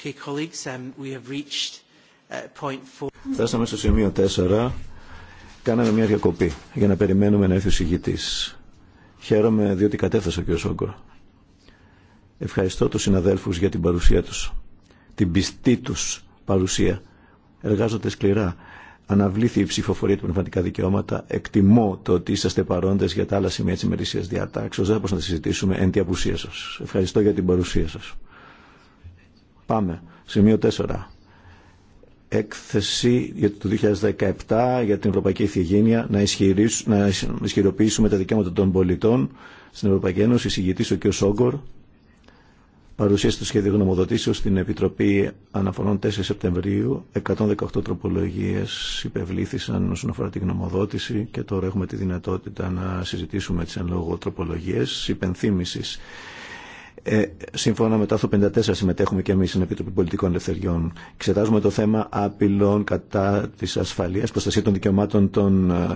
Okay, colleagues, um, we have reached uh, point Φτάσαμε στο σημείο 4. Κάναμε μια διακοπή για να περιμένουμε να έρθει ο συγητή. Χαίρομαι διότι κατέφθασε ο κ. Σόγκορ. Ευχαριστώ του συναδέλφου για την παρουσία του, Την πιστή του παρουσία. Εργάζονται σκληρά. Αναβλήθη η ψηφοφορία του πνευματικά δικαιώματα. Εκτιμώ το ότι είσαστε παρόντε για τα άλλα σημεία τη ημερήσια διατάξεω. Δεν θα μπορούσαμε να συζητήσουμε εν τη απουσία σα. Ευχαριστώ για την παρουσία σα. Πάμε. Σημείο 4. Έκθεση του 2017 για την Ευρωπαϊκή Ιθυγένεια να, να ισχυροποιήσουμε τα δικαιώματα των πολιτών στην Ευρωπαϊκή Ένωση. και ο κ. Σόγκορ. παρουσίασε του σχέδιου γνωμοδοτήσεως στην Επιτροπή Αναφορών 4 Σεπτεμβρίου. 118 τροπολογίες υπευλήθησαν όσον αφορά τη γνωμοδότηση και τώρα έχουμε τη δυνατότητα να συζητήσουμε τι εν λόγω τροπολογίε υπενθύμηση. Ε, σύμφωνα με το άρθρο 54 συμμετέχουμε και εμείς στην Επιτροπή Πολιτικών Ελευθεριών. Εξετάζουμε το θέμα απειλών κατά της ασφαλείας, προστασία των δικαιωμάτων των, ε,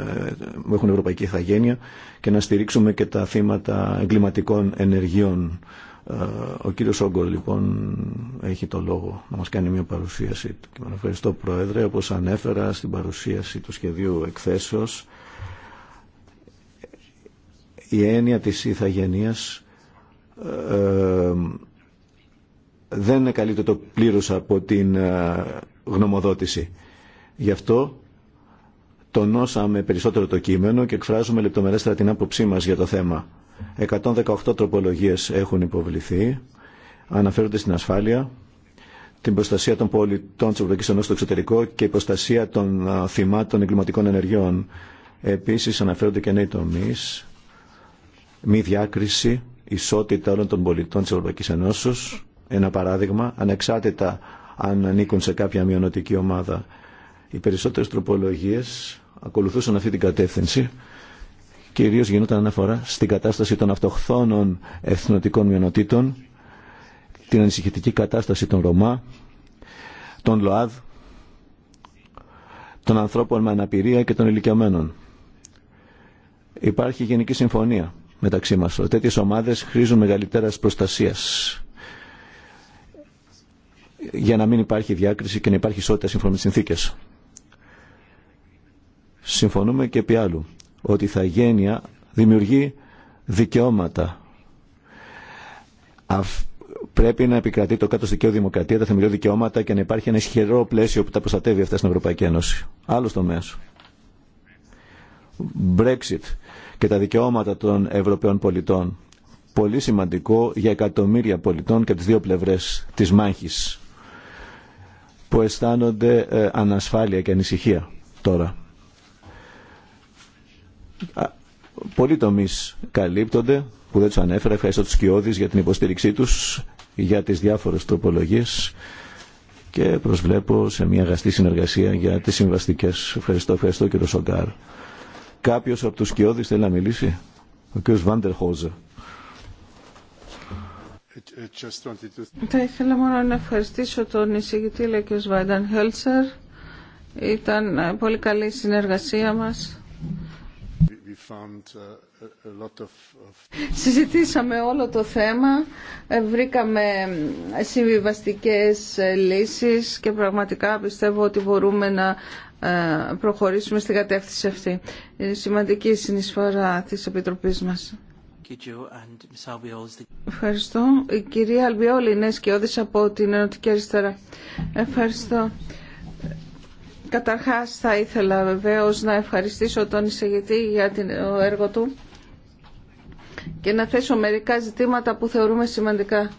που έχουν ευρωπαϊκή ηθαγένεια και να στηρίξουμε και τα θύματα εγκληματικών ενεργειών. Ε, ο κύριος Σόγκο λοιπόν έχει το λόγο να μας κάνει μια παρουσίαση και Και ευχαριστώ Πρόεδρε, όπως ανέφερα στην παρουσίαση του σχεδίου εκθέσεως, η έννοια της ηθαγενείας ε, ε, δεν καλύτερο το πλήρως από την ε, γνωμοδότηση. Γι' αυτό τονώσαμε περισσότερο το κείμενο και εκφράζουμε λεπτομερέστερα την άποψή μας για το θέμα. 118 τροπολογίες έχουν υποβληθεί, αναφέρονται στην ασφάλεια, την προστασία των πολιτών της Ευρωπαϊκής Ενώσης στο εξωτερικό και η προστασία των θυμάτων εγκληματικών ενεργειών. Επίσης αναφέρονται και νέοι τομείς, μη διάκριση, ισότητα όλων των πολιτών της Ευρωπαϊκής Ενώσεως, ένα παράδειγμα, ανεξάρτητα αν ανήκουν σε κάποια μειονοτική ομάδα. Οι περισσότερες τροπολογίες ακολουθούσαν αυτή την κατεύθυνση, κυρίως γινόταν αναφορά στην κατάσταση των αυτοχθόνων εθνοτικών μειονοτήτων, την ανησυχητική κατάσταση των Ρωμά, των ΛΟΑΔ, των ανθρώπων με αναπηρία και των ηλικιωμένων. Υπάρχει γενική συμφωνία μεταξύ μας. Τέτοιες ομάδες χρήζουν μεγαλύτερας προστασίας για να μην υπάρχει διάκριση και να υπάρχει ισότητα σύμφωνα με τις συνθήκες. Συμφωνούμε και επί άλλου ότι η θαγένεια δημιουργεί δικαιώματα. Πρέπει να επικρατεί το κάτω δικαίωμα δημοκρατία, τα θεμελιώδη δικαιώματα και να υπάρχει ένα ισχυρό πλαίσιο που τα προστατεύει αυτά στην Ευρωπαϊκή Ένωση. Άλλο τομέα. Brexit και τα δικαιώματα των Ευρωπαίων πολιτών. Πολύ σημαντικό για εκατομμύρια πολιτών και τις δύο πλευρές της μάχης που αισθάνονται ε, ανασφάλεια και ανησυχία τώρα. Πολλοί τομεί καλύπτονται που δεν του ανέφερα. Ευχαριστώ του Κιώδη για την υποστήριξή του για τι διάφορε τροπολογίε και προσβλέπω σε μια αγαστή συνεργασία για τι συμβαστικέ. Ευχαριστώ, ευχαριστώ κύριο Σογκάρ. Κάποιος από τους σκιώδεις θέλει να μιλήσει. Ο κ. Βάντερ Χόζε. Θα ήθελα μόνο να ευχαριστήσω τον εισηγητή κ. Βάινταν Χέλσερ. Ήταν πολύ καλή η συνεργασία μας. Uh, Συζητήσαμε όλο το θέμα, ε, βρήκαμε συμβιβαστικές ε, λύσεις και πραγματικά πιστεύω ότι μπορούμε να ε, προχωρήσουμε στην κατεύθυνση αυτή. Είναι σημαντική η συνεισφορά της Επιτροπής μας. Ευχαριστώ. Η κυρία Αλμπιόλη είναι σκιώδης από την Ενωτική Αριστερά. Ευχαριστώ. Καταρχάς θα ήθελα βεβαίως να ευχαριστήσω τον εισηγητή για το έργο του και να θέσω μερικά ζητήματα που θεωρούμε σημαντικά.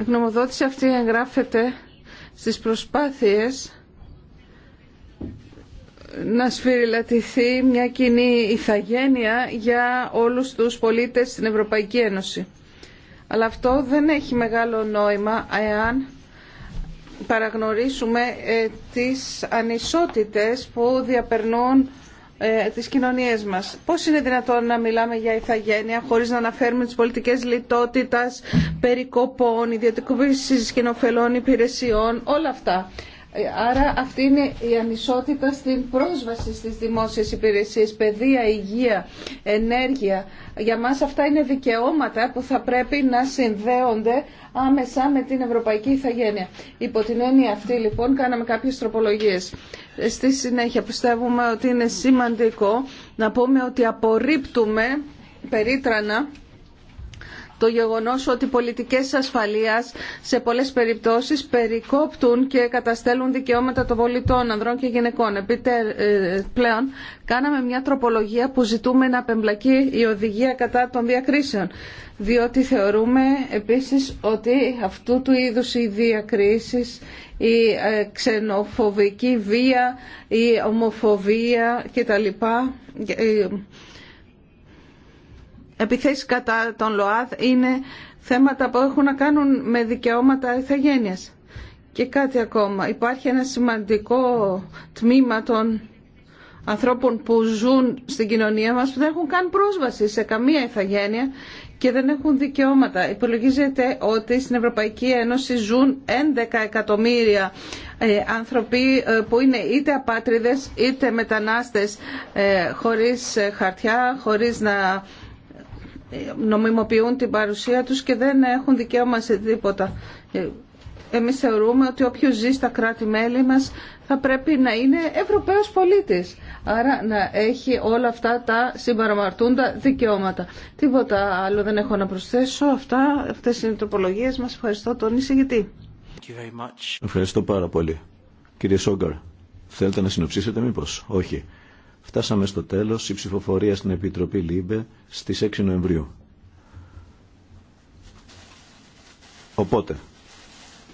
Η γνωμοδότηση αυτή εγγράφεται στις προσπάθειες να σφυριλατηθεί μια κοινή ηθαγένεια για όλους τους πολίτες στην Ευρωπαϊκή Ένωση. Αλλά αυτό δεν έχει μεγάλο νόημα εάν παραγνωρίσουμε ε, τις ανισότητες που διαπερνούν ε, τις κοινωνίας μας. Πώς είναι δυνατόν να μιλάμε για ηθαγένεια χωρίς να αναφέρουμε τις πολιτικές λιτότητας, περικοπών, ιδιωτικοποίησης κοινοφελών υπηρεσιών, όλα αυτά. Άρα αυτή είναι η ανισότητα στην πρόσβαση στις δημόσιες υπηρεσίες, παιδεία, υγεία, ενέργεια. Για μας αυτά είναι δικαιώματα που θα πρέπει να συνδέονται άμεσα με την ευρωπαϊκή ηθαγένεια. Υπό την έννοια αυτή λοιπόν κάναμε κάποιες τροπολογίες. Στη συνέχεια πιστεύουμε ότι είναι σημαντικό να πούμε ότι απορρίπτουμε περίτρανα το γεγονός ότι πολιτικές ασφαλείας σε πολλές περιπτώσεις περικόπτουν και καταστέλουν δικαιώματα των πολιτών, ανδρών και γυναικών. Επίτε, πλέον κάναμε μια τροπολογία που ζητούμε να απεμπλακεί η οδηγία κατά των διακρίσεων. Διότι θεωρούμε επίσης ότι αυτού του είδους οι διακρίσεις, η ε, ξενοφοβική βία, η ομοφοβία κτλ ε, επιθέσεις κατά τον ΛΟΑΔ είναι θέματα που έχουν να κάνουν με δικαιώματα ηθαγένειας. Και κάτι ακόμα. Υπάρχει ένα σημαντικό τμήμα των ανθρώπων που ζουν στην κοινωνία μας που δεν έχουν καν πρόσβαση σε καμία ηθαγένεια και δεν έχουν δικαιώματα. Υπολογίζεται ότι στην Ευρωπαϊκή Ένωση ζουν 11 εκατομμύρια ε, άνθρωποι ε, που είναι είτε απάτριδες είτε μετανάστες ε, χωρίς χαρτιά, χωρίς να νομιμοποιούν την παρουσία τους και δεν έχουν δικαίωμα σε τίποτα. Ε, εμείς θεωρούμε ότι όποιος ζει στα κράτη-μέλη μας θα πρέπει να είναι Ευρωπαίος πολίτης. Άρα να έχει όλα αυτά τα συμπαραμαρτούντα δικαιώματα. Τίποτα άλλο δεν έχω να προσθέσω. Αυτά, αυτές είναι οι τροπολογίες μας. Ευχαριστώ τον εισηγητή. Ευχαριστώ πάρα πολύ. Κύριε Σόγκαρ, θέλετε να συνοψίσετε μήπως. Όχι. Φτάσαμε στο τέλος η ψηφοφορία στην Επιτροπή ΛΥΜΠΕ στις 6 Νοεμβρίου. Οπότε,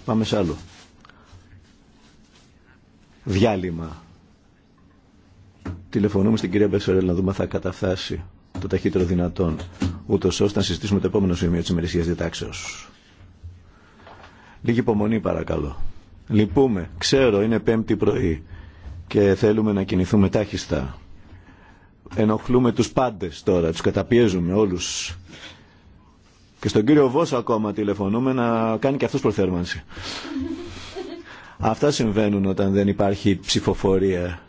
πάμε σε άλλο. Διάλειμμα. Τηλεφωνούμε στην κυρία Μπεσορέλ να δούμε αν θα καταφτάσει το ταχύτερο δυνατόν, ούτω ώστε να συζητήσουμε το επόμενο σημείο τη ημερησία διατάξεω. Λίγη υπομονή παρακαλώ. Λυπούμε. Ξέρω, είναι πέμπτη πρωί και θέλουμε να κινηθούμε τάχιστα ενοχλούμε τους πάντες τώρα, τους καταπιέζουμε όλους. Και στον κύριο Βόσο ακόμα τηλεφωνούμε να κάνει και αυτός προθέρμανση. Αυτά συμβαίνουν όταν δεν υπάρχει ψηφοφορία.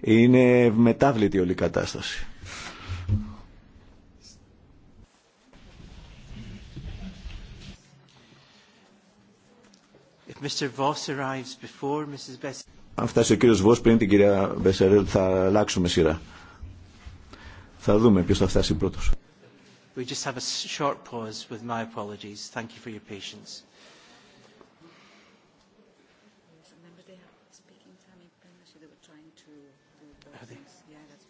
Είναι μετάβλητη όλη η κατάσταση. If Αν φτάσει ο κύριος Βος πριν την κυρία Μπεσερέλ θα αλλάξουμε σειρά. Θα δούμε ποιος θα φτάσει πρώτος. We just have a short pause with my apologies. Thank you for your patience. Are they? Yeah, that's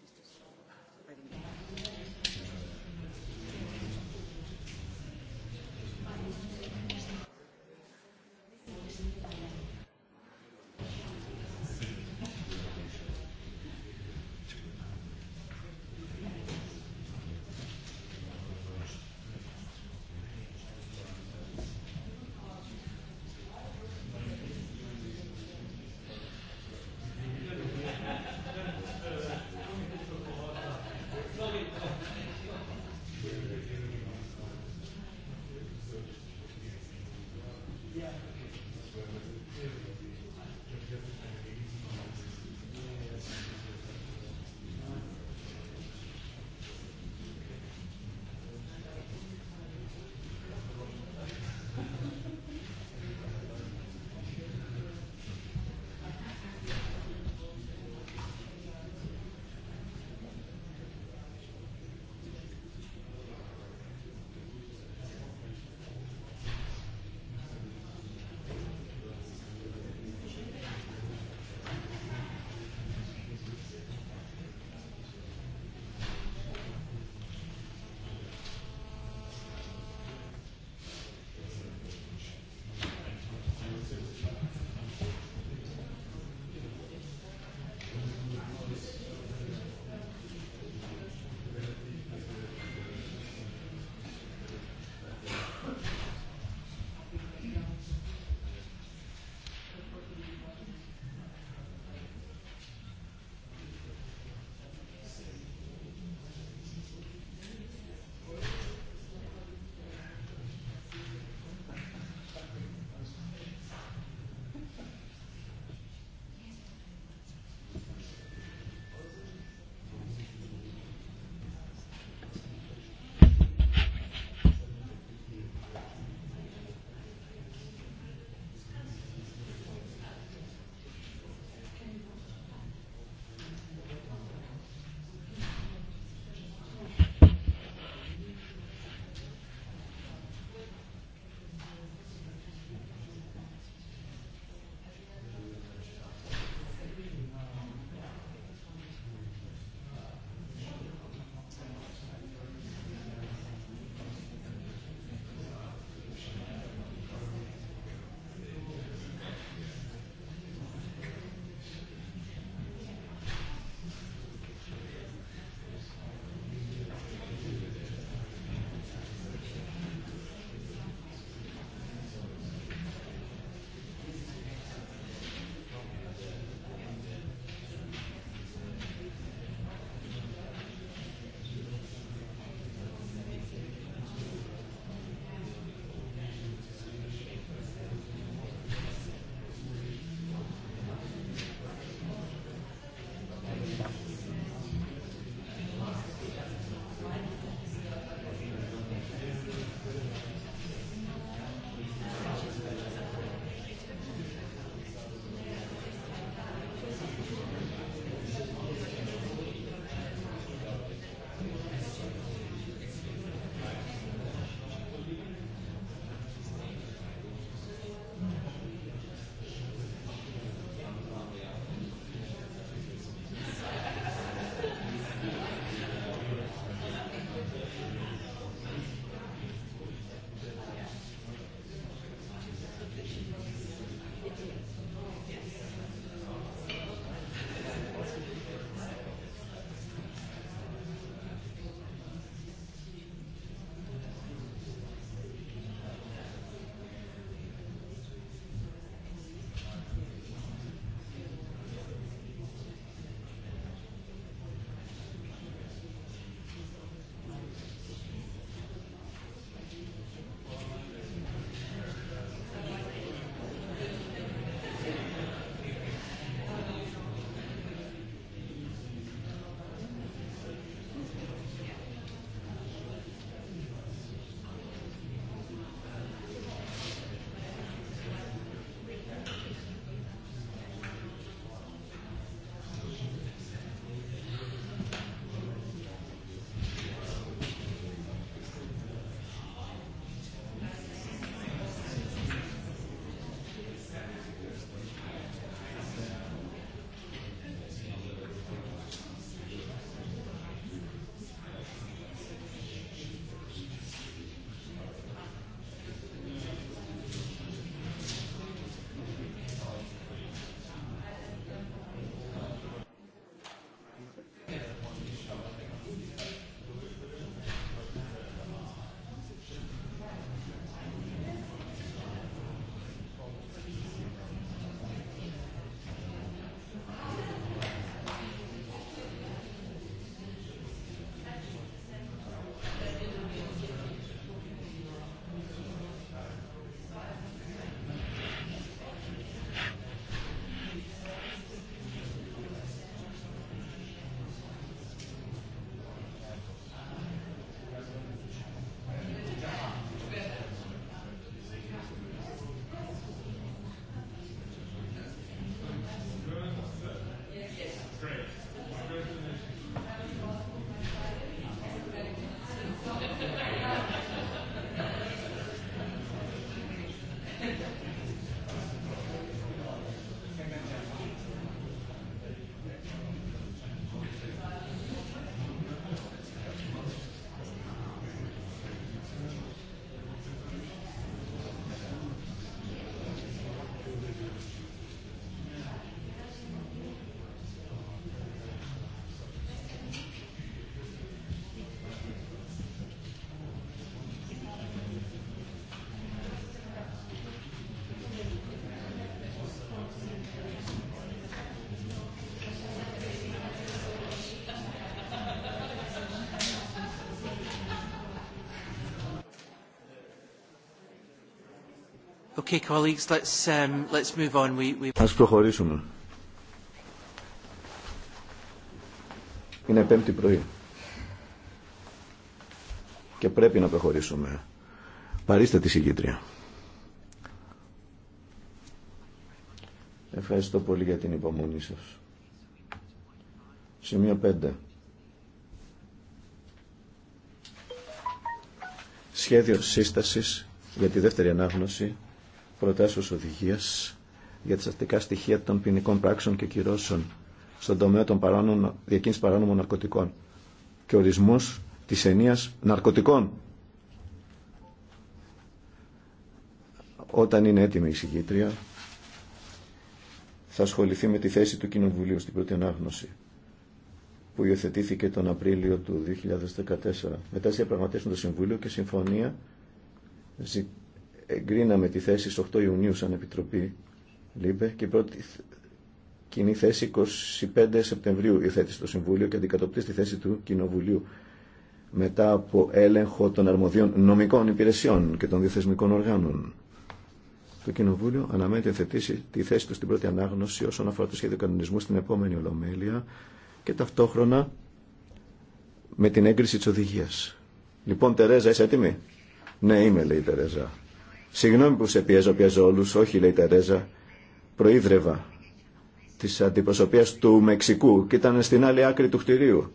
Okay, um, Ας προχωρήσουμε. Είναι πέμπτη πρωί. Και πρέπει να προχωρήσουμε. Παρίστε τη συγκήτρια. Ευχαριστώ πολύ για την υπομονή σας. Σημείο 5. Σχέδιο σύστασης για τη δεύτερη ανάγνωση προτάσεως οδηγίας για τις αστικά στοιχεία των ποινικών πράξεων και κυρώσεων στον τομέα των παράνομων, διακίνησης παράνομων ναρκωτικών και ορισμούς της ενίας ναρκωτικών. Όταν είναι έτοιμη η συγκήτρια, θα ασχοληθεί με τη θέση του Κοινοβουλίου στην πρώτη ανάγνωση που υιοθετήθηκε τον Απρίλιο του 2014. Μετά σε διαπραγματεύσουν το Συμβούλιο και συμφωνία εγκρίναμε τη θέση στις 8 Ιουνίου σαν Επιτροπή ΛΥΜΠΕ και η πρώτη κοινή θέση 25 Σεπτεμβρίου υιοθέτησε στο Συμβούλιο και αντικατοπτεί στη θέση του Κοινοβουλίου μετά από έλεγχο των αρμοδίων νομικών υπηρεσιών και των διαθεσμικών οργάνων. Το Κοινοβούλιο αναμένει αναμένεται θετήσει τη θέση του στην πρώτη ανάγνωση όσον αφορά το σχέδιο κανονισμού στην επόμενη Ολομέλεια και ταυτόχρονα με την έγκριση τη οδηγία. Λοιπόν, Τερέζα, είσαι έτοιμη? Ναι, είμαι, λέει η Τερέζα. Συγγνώμη που σε πιέζω, πιέζω όλου. όχι λέει η Τερέζα, προείδρευα τη αντιπροσωπεία του Μεξικού και ήταν στην άλλη άκρη του χτιρίου.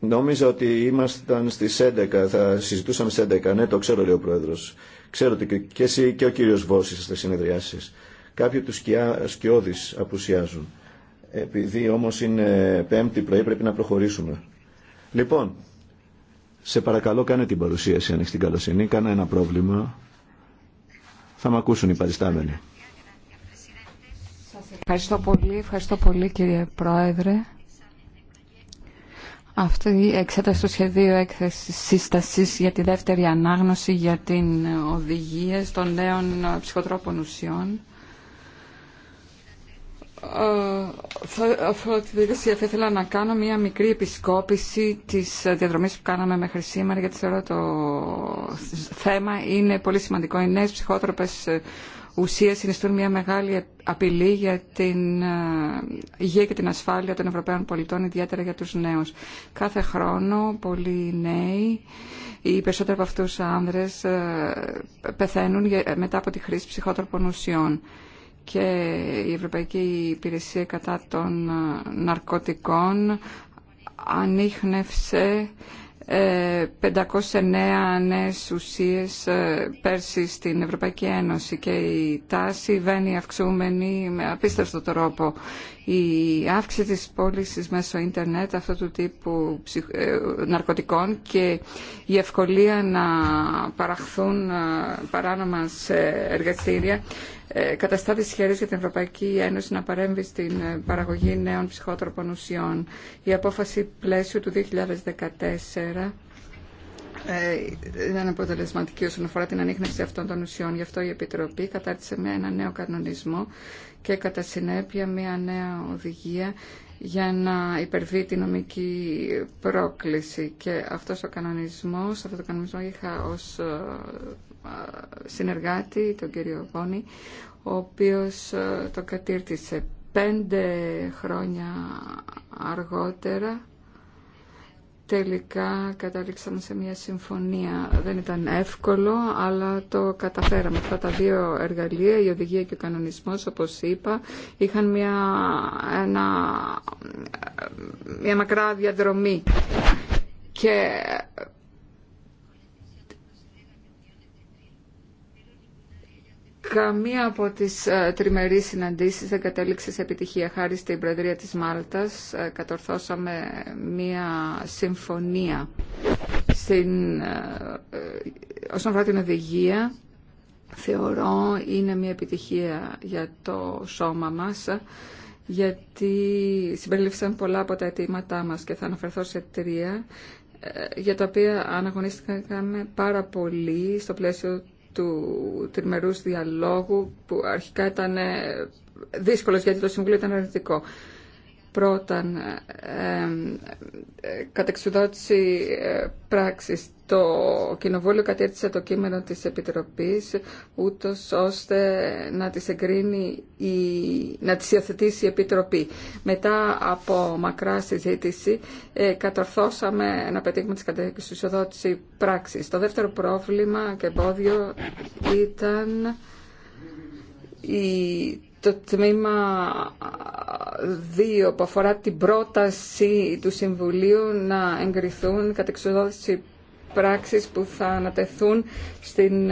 Νόμιζα ότι ήμασταν στι 11, θα συζητούσαμε στις 11. Ναι, το ξέρω, λέει ο Πρόεδρο, Ξέρω ότι και εσύ και ο κύριος Βόση είστε συνεδριάσεις. Κάποιοι του σκιώδη απουσιάζουν. Επειδή επειδή είναι πέμπτη πρωί πρέπει να προχωρήσουμε. Λοιπόν, σε παρακαλώ κάνε την παρουσίαση αν έχεις την καλοσύνη. Κάνε ένα πρόβλημα. Θα με ακούσουν οι παριστάμενοι. Ευχαριστώ πολύ, ευχαριστώ πολύ κύριε Πρόεδρε. Αυτή η εξέταση του σχεδίου έκθεση σύσταση για τη δεύτερη ανάγνωση για την οδηγία των νέων ψυχοτρόπων ουσιών ε, θα ήθελα να κάνω μια μικρή επισκόπηση της διαδρομής που κάναμε μέχρι σήμερα, γιατί θεωρώ το θέμα είναι πολύ σημαντικό. Οι νέες ψυχότροπες ε, ουσίες συνιστούν μια μεγάλη απειλή για την ε, υγεία και την ασφάλεια των Ευρωπαίων πολιτών, ιδιαίτερα για τους νέους. Κάθε χρόνο πολλοί νέοι, οι περισσότεροι από αυτούς άνδρες, πεθαίνουν μετά από τη χρήση ψυχότροπων ουσιών και η Ευρωπαϊκή Υπηρεσία κατά των ε, ναρκωτικών ανείχνευσε 509 ε, νέες ουσίες ε, πέρσι στην Ευρωπαϊκή Ένωση και η τάση βαίνει αυξούμενη με απίστευτο τρόπο η αύξηση της πώληση μέσω ίντερνετ αυτού του τύπου ε, ναρκωτικών και η ευκολία να παραχθούν ε, παράνομα σε εργαστήρια ε, καταστά χέρις για την Ευρωπαϊκή Ένωση να παρέμβει στην παραγωγή νέων ψυχότροπων ουσιών. Η απόφαση πλαίσιο του 2014 ήταν αποτελεσματική όσον αφορά την ανείχνευση αυτών των ουσιών. Γι' αυτό η Επιτροπή κατάρτισε με ένα νέο κανονισμό και κατά συνέπεια μια νέα οδηγία για να υπερβεί τη νομική πρόκληση. Και αυτός ο κανονισμός, αυτό το κανονισμό είχα ως ε, συνεργάτη τον κύριο Βόνη, ο οποίος ε, το κατήρτισε πέντε χρόνια αργότερα τελικά καταλήξαμε σε μια συμφωνία. Δεν ήταν εύκολο, αλλά το καταφέραμε. Αυτά τα δύο εργαλεία, η οδηγία και ο κανονισμός, όπως είπα, είχαν μια, ένα, μια μακρά διαδρομή. Και Καμία από τις ε, τριμερείς συναντήσεις δεν κατέληξε σε επιτυχία. Χάρη στην Προεδρία της Μάλτας ε, κατορθώσαμε μία συμφωνία στην, ε, όσον αφορά την οδηγία. Θεωρώ είναι μία επιτυχία για το σώμα μας γιατί συμπεριλήφθησαν πολλά από τα αιτήματά μας και θα αναφερθώ σε τρία για τα οποία αναγωνίστηκαμε πάρα πολύ στο πλαίσιο του τριμερούς διαλόγου που αρχικά ήταν ε, δύσκολος γιατί το Συμβούλιο ήταν αρνητικό πρώταν ε, ε, κατεξουδότηση ε, πράξης. Το Κοινοβούλιο κατήρτισε το κείμενο της Επιτροπής ούτως ώστε να τις εγκρίνει, η, να τις υιοθετήσει η Επιτροπή. Μετά από μακρά συζήτηση ε, κατορθώσαμε να πετύχουμε τις κατεξουδότηση πράξης. Το δεύτερο πρόβλημα και εμπόδιο ήταν η το τμήμα 2 που αφορά την πρόταση του Συμβουλίου να εγκριθούν κατεξοδότηση πράξεις που θα ανατεθούν στην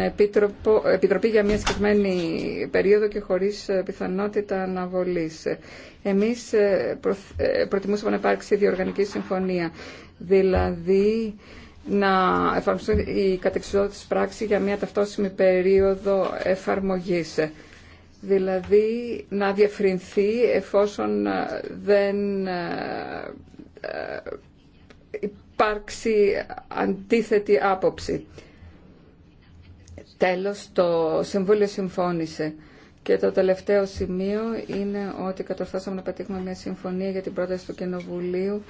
Επιτροπή για μια συγκεκριμένη περίοδο και χωρίς ε, πιθανότητα αναβολής. Εμείς ε, ε, προτιμούσαμε να υπάρξει διοργανική συμφωνία, δηλαδή να εφαρμοστούν οι της πράξη για μια ταυτόσιμη περίοδο εφαρμογής δηλαδή να διαφρυνθεί εφόσον ε, δεν ε, ε, υπάρξει αντίθετη άποψη. Τέλος, το Συμβούλιο συμφώνησε. Και το τελευταίο σημείο είναι ότι κατορθώσαμε να πετύχουμε μια συμφωνία για την πρόταση του Κοινοβουλίου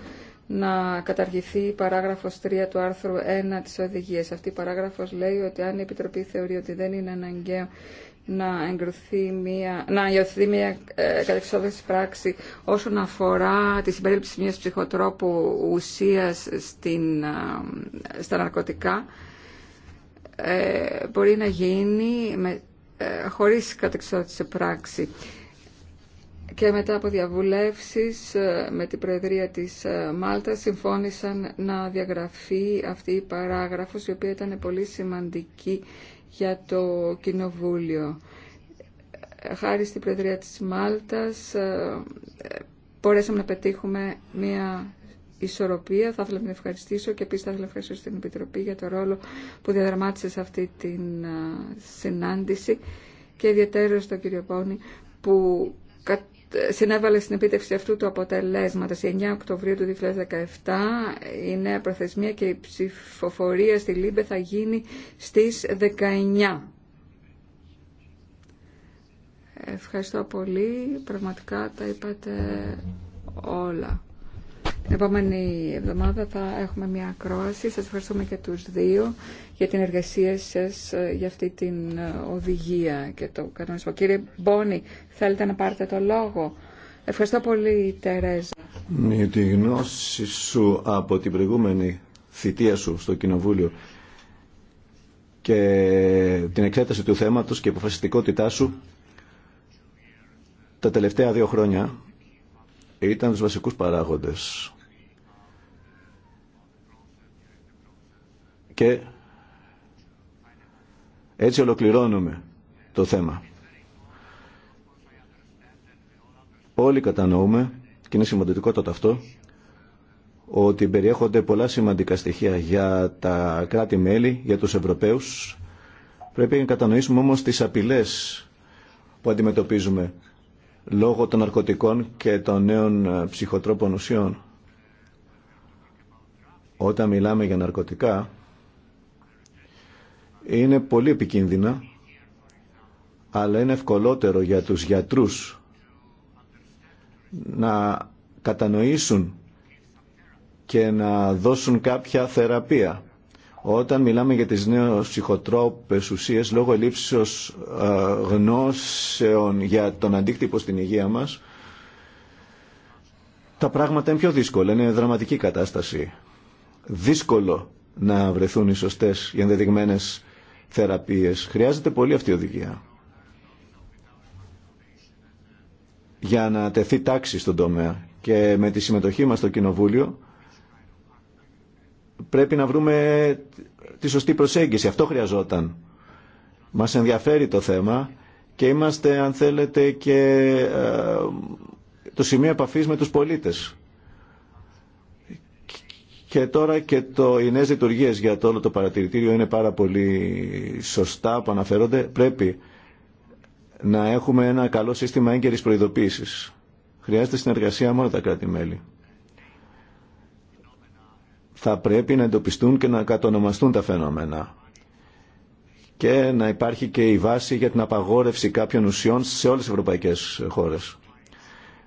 να καταργηθεί η παράγραφος 3 του άρθρου 1 της οδηγίας. Αυτή η παράγραφος λέει ότι αν η Επιτροπή θεωρεί ότι δεν είναι αναγκαίο να εγκριθεί μια, να υιοθετεί μια ε, πράξη όσον αφορά τη συμπερίληψη μιας ψυχοτρόπου ουσίας στην, ε, στα ναρκωτικά ε, μπορεί να γίνει με, ε, χωρίς κατεξόδευση πράξη και μετά από διαβουλεύσεις ε, με την Προεδρία της Μάλτας συμφώνησαν να διαγραφεί αυτή η παράγραφος η οποία ήταν πολύ σημαντική για το Κοινοβούλιο. Χάρη στην Προεδρία της Μάλτας ε, μπορέσαμε να πετύχουμε μια ισορροπία. Θα ήθελα να την ευχαριστήσω και επίσης θα ήθελα να ευχαριστήσω την Επιτροπή για το ρόλο που διαδραμάτισε σε αυτή την ε, συνάντηση και ιδιαίτερα στον κύριο Πόνη που συνέβαλε στην επίτευξη αυτού του αποτελέσματος. Η 9 Οκτωβρίου του 2017 η νέα προθεσμία και η ψηφοφορία στη Λίμπε θα γίνει στις 19. Ευχαριστώ πολύ. Πραγματικά τα είπατε όλα. Την επόμενη εβδομάδα θα έχουμε μια ακρόαση. Σας ευχαριστούμε και τους δύο για την εργασία σας ε, για αυτή την ε, οδηγία και το κανονισμό. Κύριε Μπόνι, θέλετε να πάρετε το λόγο. Ευχαριστώ πολύ, Τερέζα. Με τη γνώση σου από την προηγούμενη θητεία σου στο Κοινοβούλιο και την εξέταση του θέματος και η αποφασιστικότητά σου τα τελευταία δύο χρόνια ήταν τους βασικούς παράγοντες. Και έτσι ολοκληρώνουμε το θέμα. Όλοι κατανοούμε, και είναι σημαντικό το αυτό, ότι περιέχονται πολλά σημαντικά στοιχεία για τα κράτη-μέλη, για τους Ευρωπαίους. Πρέπει να κατανοήσουμε όμως τις απειλές που αντιμετωπίζουμε λόγω των ναρκωτικών και των νέων ε, ψυχοτρόπων ουσιών. Όταν μιλάμε για ναρκωτικά, είναι πολύ επικίνδυνα, αλλά είναι ευκολότερο για τους γιατρούς να κατανοήσουν και να δώσουν κάποια θεραπεία όταν μιλάμε για τις νέες ψυχοτρόπες ουσίες, λόγω ελλείψεως ε, γνώσεων για τον αντίκτυπο στην υγεία μας, τα πράγματα είναι πιο δύσκολα, είναι δραματική κατάσταση. Δύσκολο να βρεθούν οι σωστές, οι ενδεδειγμένες θεραπείες. Χρειάζεται πολύ αυτή η οδηγία. Για να τεθεί τάξη στον τομέα. Και με τη συμμετοχή μας στο Κοινοβούλιο πρέπει να βρούμε τη σωστή προσέγγιση. Αυτό χρειαζόταν. Μας ενδιαφέρει το θέμα και είμαστε, αν θέλετε, και ε, το σημείο επαφής με τους πολίτες. Και τώρα και το, οι νέε λειτουργίε για το όλο το παρατηρητήριο είναι πάρα πολύ σωστά που αναφέρονται. Πρέπει να έχουμε ένα καλό σύστημα έγκαιρης προειδοποίηση. Χρειάζεται συνεργασία μόνο τα κράτη-μέλη θα πρέπει να εντοπιστούν και να κατονομαστούν τα φαινόμενα και να υπάρχει και η βάση για την απαγόρευση κάποιων ουσιών σε όλες τις ευρωπαϊκές χώρες.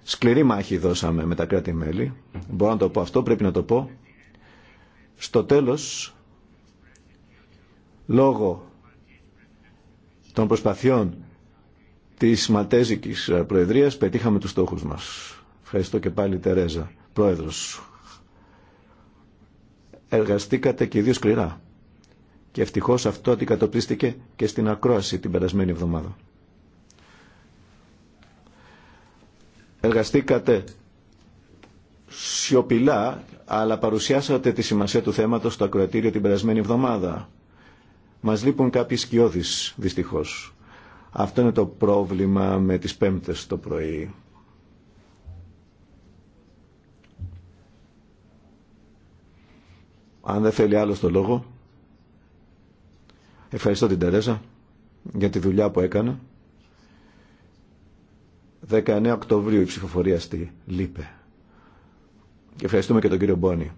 Σκληρή μάχη δώσαμε με τα κράτη-μέλη. Μπορώ να το πω αυτό, πρέπει να το πω. Στο τέλος, λόγω των προσπαθειών της Μαλτέζικης Προεδρίας πετύχαμε τους στόχους μας. Ευχαριστώ και πάλι Τερέζα, Πρόεδρος εργαστήκατε και ιδίω σκληρά. Και ευτυχώ αυτό αντικατοπτρίστηκε και στην ακρόαση την περασμένη εβδομάδα. Εργαστήκατε σιωπηλά, αλλά παρουσιάσατε τη σημασία του θέματος στο ακροατήριο την περασμένη εβδομάδα. Μας λείπουν κάποιοι σκιώδεις, δυστυχώς. Αυτό είναι το πρόβλημα με τις πέμπτες το πρωί. Αν δεν θέλει άλλο το λόγο, ευχαριστώ την Τερέζα για τη δουλειά που έκανα. 19 Οκτωβρίου η ψηφοφορία στη ΛΥΠΕ. Και ευχαριστούμε και τον κύριο Μπόνι.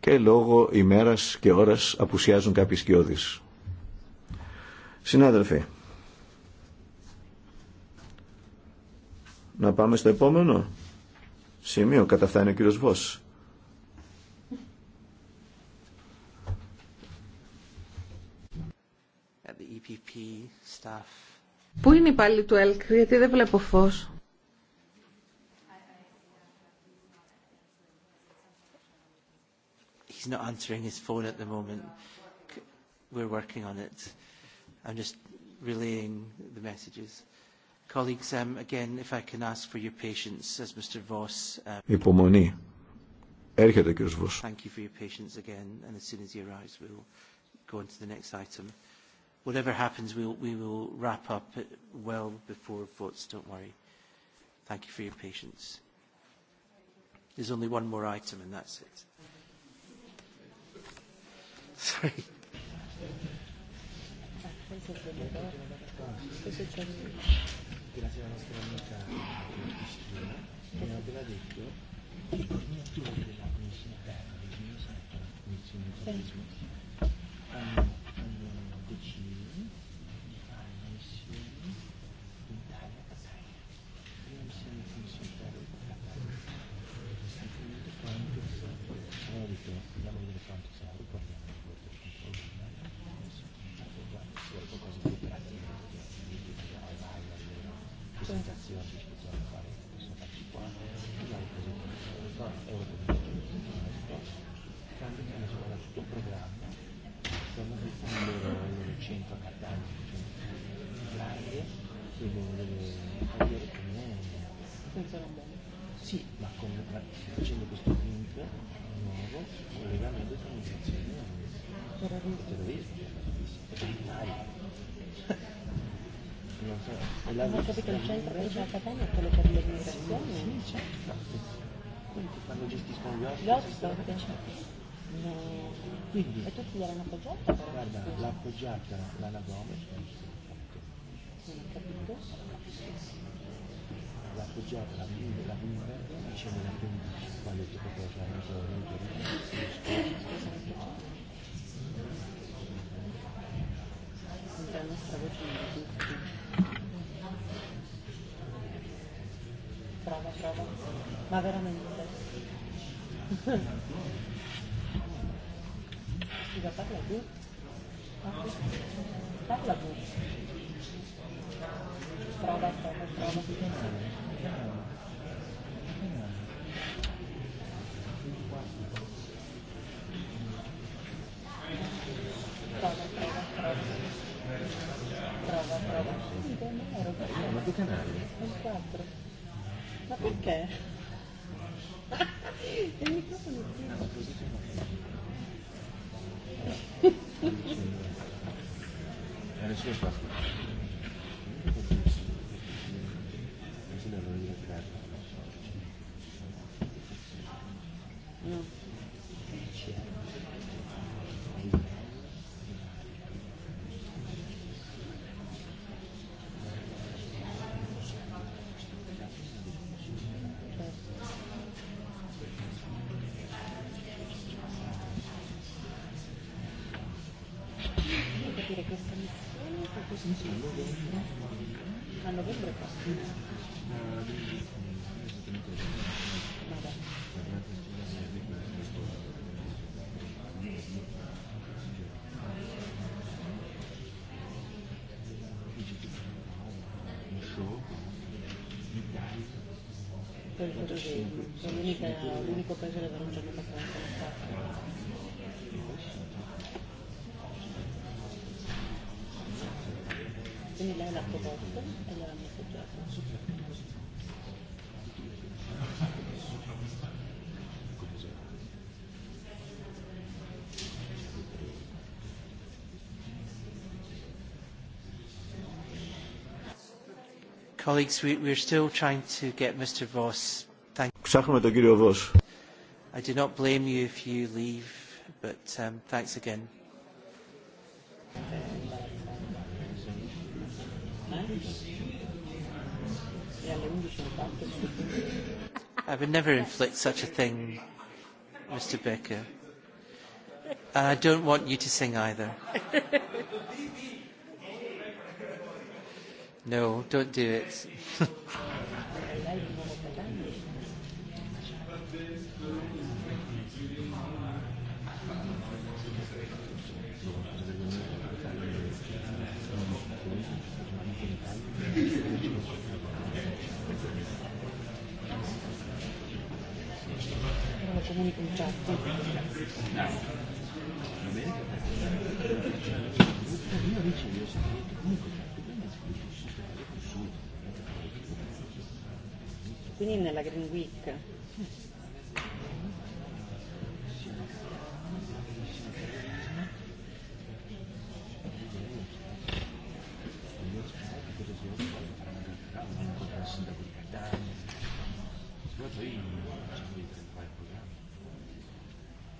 Και λόγω ημέρας και ώρας απουσιάζουν κάποιοι σκιώδεις. Συνάδελφοι, να πάμε στο επόμενο σημείο κατά αυτά είναι ο κύριος Βος. Πού είναι η πάλι του ΕΛΚ, γιατί δεν βλέπω φως. He's not answering his phone at the moment. We're working on it. I'm just relaying the messages. Colleagues, again, if I can ask for your patience, as Mr. Voss... Υπομονή. Έρχεται ο Thank you for your patience again, and as soon as he arrives, we'll go on to the next item. Whatever happens, we'll, we will wrap up well before votes, don't worry. Thank you for your patience. There's only one more item, and that's it. Sorry. Thank you grazie alla nostra amica Cristina, che l'ha detto che il coordinatore della Commissione Interna, della Commissione Commissione hanno senza nomi. Sì, ma come facendo questo link nuovo, collegamento e comunicazione. Terrorismo. Terrorismo. Terrorismo. Non so. E la ma capito, il centro che c'è a Catania è quello per le migrazioni? Sì, certo. Quindi quando gestiscono gli ospiti. Gli ospiti. No. Quindi, e tutti gli erano appoggiati? Guarda, l'ha appoggiata l'anagome. Non ho capito l'appoggiava la la bimba la bimba quando la nostra ma veramente Scusa, parla tu? Parla tu. Brava, brava, brava. quattro canali. quattro. Ma perché? Il microfono è Adesso l'unico paese dove non c'è più Quindi lei l'ha proposto e messo Colleagues, we're still trying to get Mr. Voss. Thank Ψάχνουμε τον κύριο Voss. I do not blame you if you leave, but thanks again. I would never inflict such a thing, Mr. Becker. And I don't want you to sing either. No, don't do it. Quindi nella Green Week.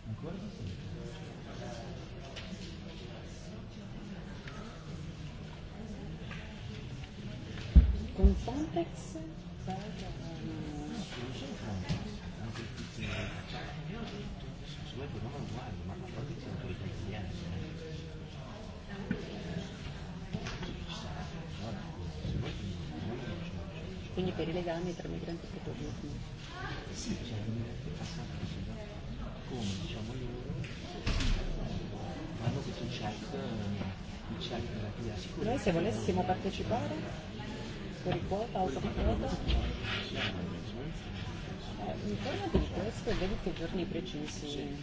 Con Frontex Quindi per i legami tra migranti e terrorismo. Sì, noi se volessimo partecipare fuori quota di questo e vedi che giorni precisi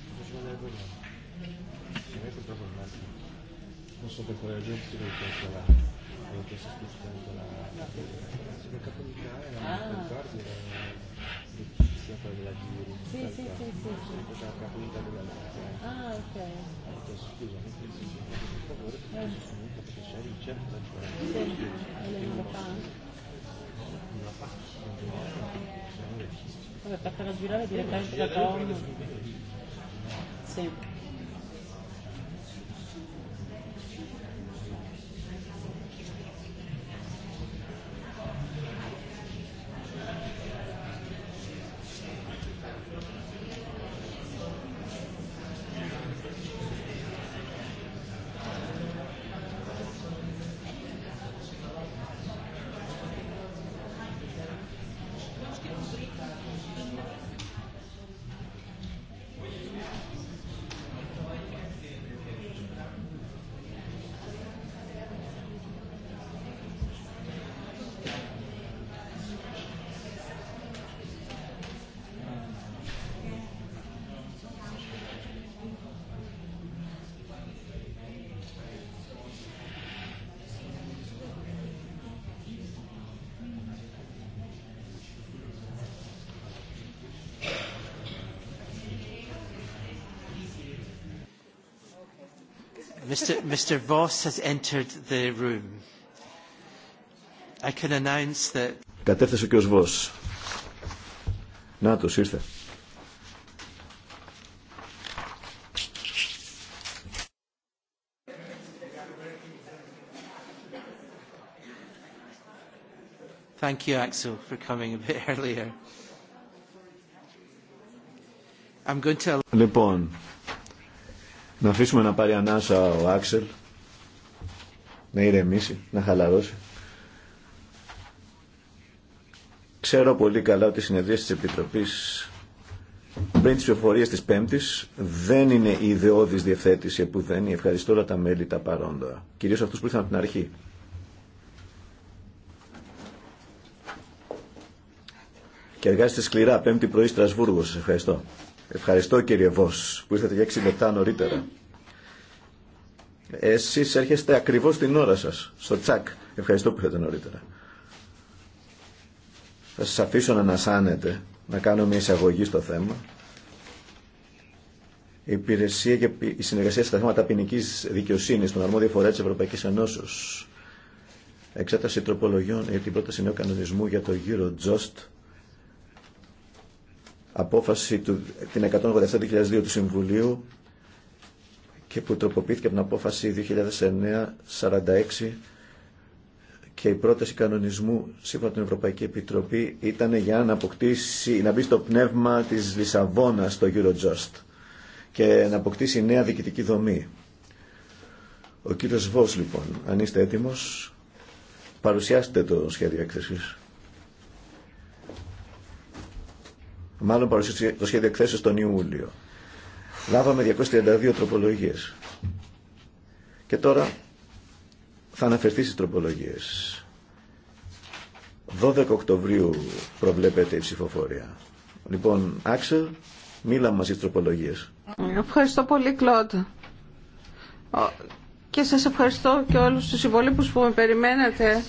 non so per quale ragione si deve la sia quella della sì, sì, sì, sì, c'è la della Ah, ok. scusa, mi che per favore, perché eh. c'è Richard, la giovane. Sì, è una fan. Vabbè, girare direttamente Sì. Mr. Voss has entered the room. I can announce that... Κατέφθασε ο κ. Voss. Νάτος, ήρθε. Thank you, Axel, for coming a bit earlier. I'm going to... Λοιπόν, να αφήσουμε να πάρει ανάσα ο Άξελ, να ηρεμήσει, να χαλαρώσει. Ξέρω πολύ καλά ότι οι συνεδρίες της Επιτροπής πριν τις πληροφορίες της Πέμπτης δεν είναι η ιδεώδης διευθέτηση που δεν Ευχαριστώ όλα τα μέλη τα παρόντα, κυρίως αυτούς που ήρθαν από την αρχή. Και εργάζεστε σκληρά, Πέμπτη πρωί Στρασβούργο. Σας ευχαριστώ. Ευχαριστώ κύριε Βος που ήρθατε για 6 λεπτά νωρίτερα. Εσείς έρχεστε ακριβώς την ώρα σας, στο τσακ. Ευχαριστώ που ήρθατε νωρίτερα. Θα σας αφήσω να ανασάνετε, να κάνω μια εισαγωγή στο θέμα. Η υπηρεσία και η συνεργασία στα θέματα ποινική δικαιοσύνη των αρμόδιων φορέα τη Ευρωπαϊκή Ενώσεω. Εξέταση τροπολογιών για την πρόταση νέου κανονισμού για το Eurojust απόφαση του, την 187 του Συμβουλίου και που τροποποιήθηκε από την απόφαση 2009-46 και η πρόταση κανονισμού σύμφωνα με την Ευρωπαϊκή Επιτροπή ήταν για να αποκτήσει, να μπει στο πνεύμα της Λισαβόνας στο Eurojust και να αποκτήσει νέα διοικητική δομή. Ο κύριος Βος λοιπόν, αν είστε έτοιμος, παρουσιάστε το σχέδιο έκθεσης. μάλλον παρουσίασε το σχέδιο εκθέσεως τον Ιούλιο. Λάβαμε 232 τροπολογίες. Και τώρα θα αναφερθεί στις τροπολογίες. 12 Οκτωβρίου προβλέπεται η ψηφοφορία. Λοιπόν, Άξελ, μίλα μας στις τροπολογίες. Ευχαριστώ πολύ, Κλόντ. Και σας ευχαριστώ και όλους τους υπολείπους που με περιμένετε.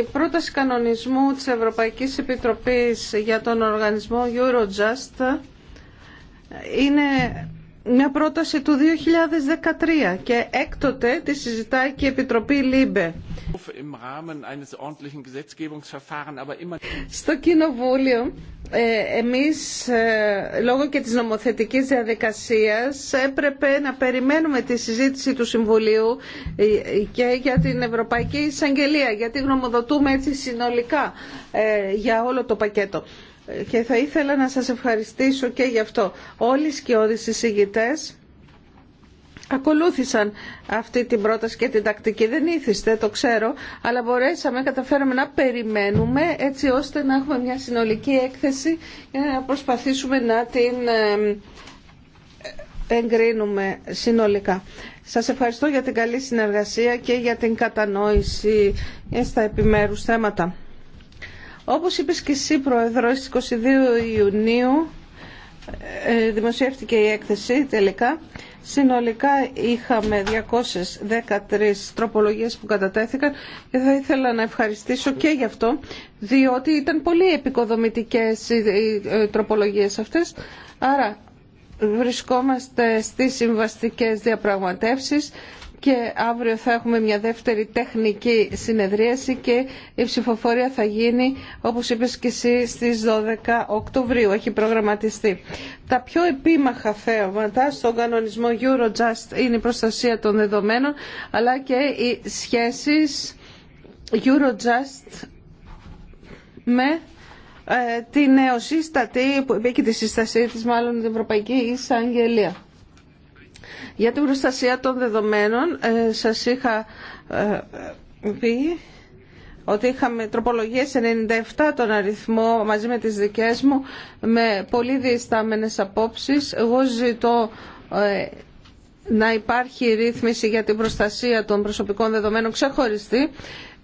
Η πρόταση κανονισμού της Ευρωπαϊκής Επιτροπής για τον οργανισμό Eurojust είναι μια πρόταση του 2013 και έκτοτε τη συζητάει και η Επιτροπή ΛΥΜΠΕ. Στο Κοινοβούλιο ε, εμείς ε, λόγω και της νομοθετικής διαδικασίας έπρεπε να περιμένουμε τη συζήτηση του Συμβουλίου ε, και για την Ευρωπαϊκή Εισαγγελία γιατί γνωμοδοτούμε έτσι συνολικά για όλο το πακέτο. Και θα ήθελα να σας ευχαριστήσω και γι' αυτό. Όλοι οι σκιώδεις ακολούθησαν αυτή την πρόταση και την τακτική. Δεν ήθιστε, το ξέρω, αλλά μπορέσαμε, καταφέραμε να περιμένουμε έτσι ώστε να έχουμε μια συνολική έκθεση για να προσπαθήσουμε να την εγκρίνουμε συνολικά. Σας ευχαριστώ για την καλή συνεργασία και για την κατανόηση στα επιμέρους θέματα. Όπως είπες και εσύ, Πρόεδρο, στις 22 Ιουνίου ε, δημοσιεύτηκε η έκθεση τελικά. Συνολικά είχαμε 213 τροπολογίες που κατατέθηκαν και θα ήθελα να ευχαριστήσω και γι' αυτό, διότι ήταν πολύ επικοδομητικές οι ε, τροπολογίες αυτές. Άρα βρισκόμαστε στις συμβαστικές διαπραγματεύσεις και αύριο θα έχουμε μια δεύτερη τεχνική συνεδρίαση και η ψηφοφορία θα γίνει, όπως είπες και εσύ, στις 12 Οκτωβρίου. Έχει προγραμματιστεί. Τα πιο επίμαχα θέματα στον κανονισμό Eurojust είναι η προστασία των δεδομένων, αλλά και οι σχέσεις Eurojust με ε, την νεοσύστατη, που είπε και τη σύστασή της μάλλον την Ευρωπαϊκή Εισαγγελία. Για την προστασία των δεδομένων ε, σας είχα ε, πει ότι είχαμε τροπολογίες 97 τον αριθμό μαζί με τις δικές μου με πολύ διεστάμενες απόψεις. Εγώ ζητώ ε, να υπάρχει ρύθμιση για την προστασία των προσωπικών δεδομένων ξεχωριστή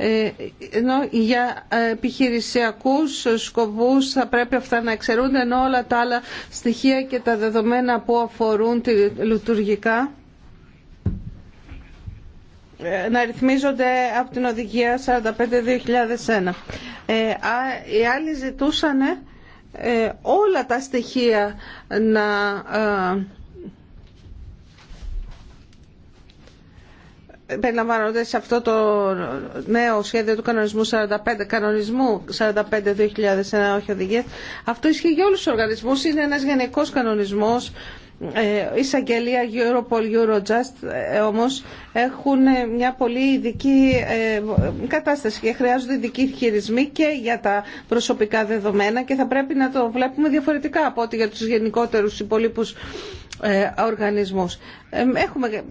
ε, ενώ για επιχειρησιακούς σκοπούς θα πρέπει αυτά να εξαιρούνται ενώ όλα τα άλλα στοιχεία και τα δεδομένα που αφορούν τη λειτουργικά ε, να ρυθμίζονται από την οδηγία 45-2001. Ε, οι άλλοι ζητούσαν όλα τα στοιχεία να περιλαμβάνονται σε αυτό το νέο σχέδιο του κανονισμού 45, κανονισμού 45-2001, όχι οδηγίες Αυτό ισχύει για όλους τους οργανισμούς, είναι ένας γενικός κανονισμός, ε, εισαγγελία Europol, Eurojust ε, όμως έχουν ε, μια πολύ ειδική ε, κατάσταση και χρειάζονται ειδικοί χειρισμοί και για τα προσωπικά δεδομένα και θα πρέπει να το βλέπουμε διαφορετικά από ό,τι για τους γενικότερους υπολείπους ε, οργανισμούς. Ε, έχουμε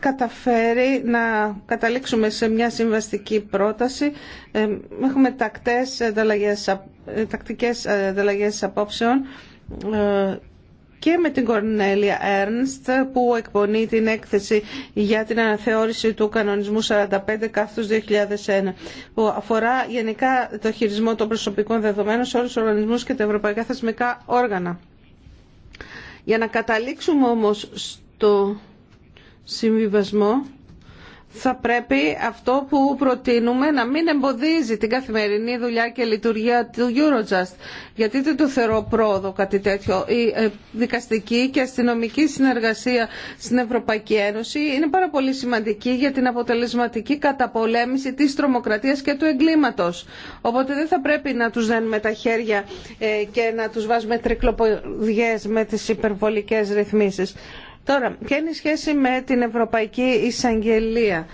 καταφέρει να καταλήξουμε σε μια συμβαστική πρόταση. Ε, έχουμε τακτές ανταλλαγές, ε, τακτικές ανταλλαγές απόψεων ε, και με την Κορνέλια Έρνστ που εκπονεί την έκθεση για την αναθεώρηση του κανονισμού 45 κάθετος 2001 που αφορά γενικά το χειρισμό των προσωπικών δεδομένων σε όλους τους οργανισμούς και τα ευρωπαϊκά θεσμικά όργανα. Για να καταλήξουμε όμως στο συμβιβασμό θα πρέπει αυτό που προτείνουμε να μην εμποδίζει την καθημερινή δουλειά και λειτουργία του Eurojust. Γιατί δεν το θεωρώ πρόοδο κάτι τέτοιο. Η ε, δικαστική και αστυνομική συνεργασία στην Ευρωπαϊκή Ένωση είναι πάρα πολύ σημαντική για την αποτελεσματική καταπολέμηση της τρομοκρατίας και του εγκλήματος. Οπότε δεν θα πρέπει να τους δένουμε τα χέρια ε, και να τους βάζουμε τρικλοποδιές με τις υπερβολικές ρυθμίσεις. Τώρα, ποια είναι σχέση με την Ευρωπαϊκή Εισαγγελία.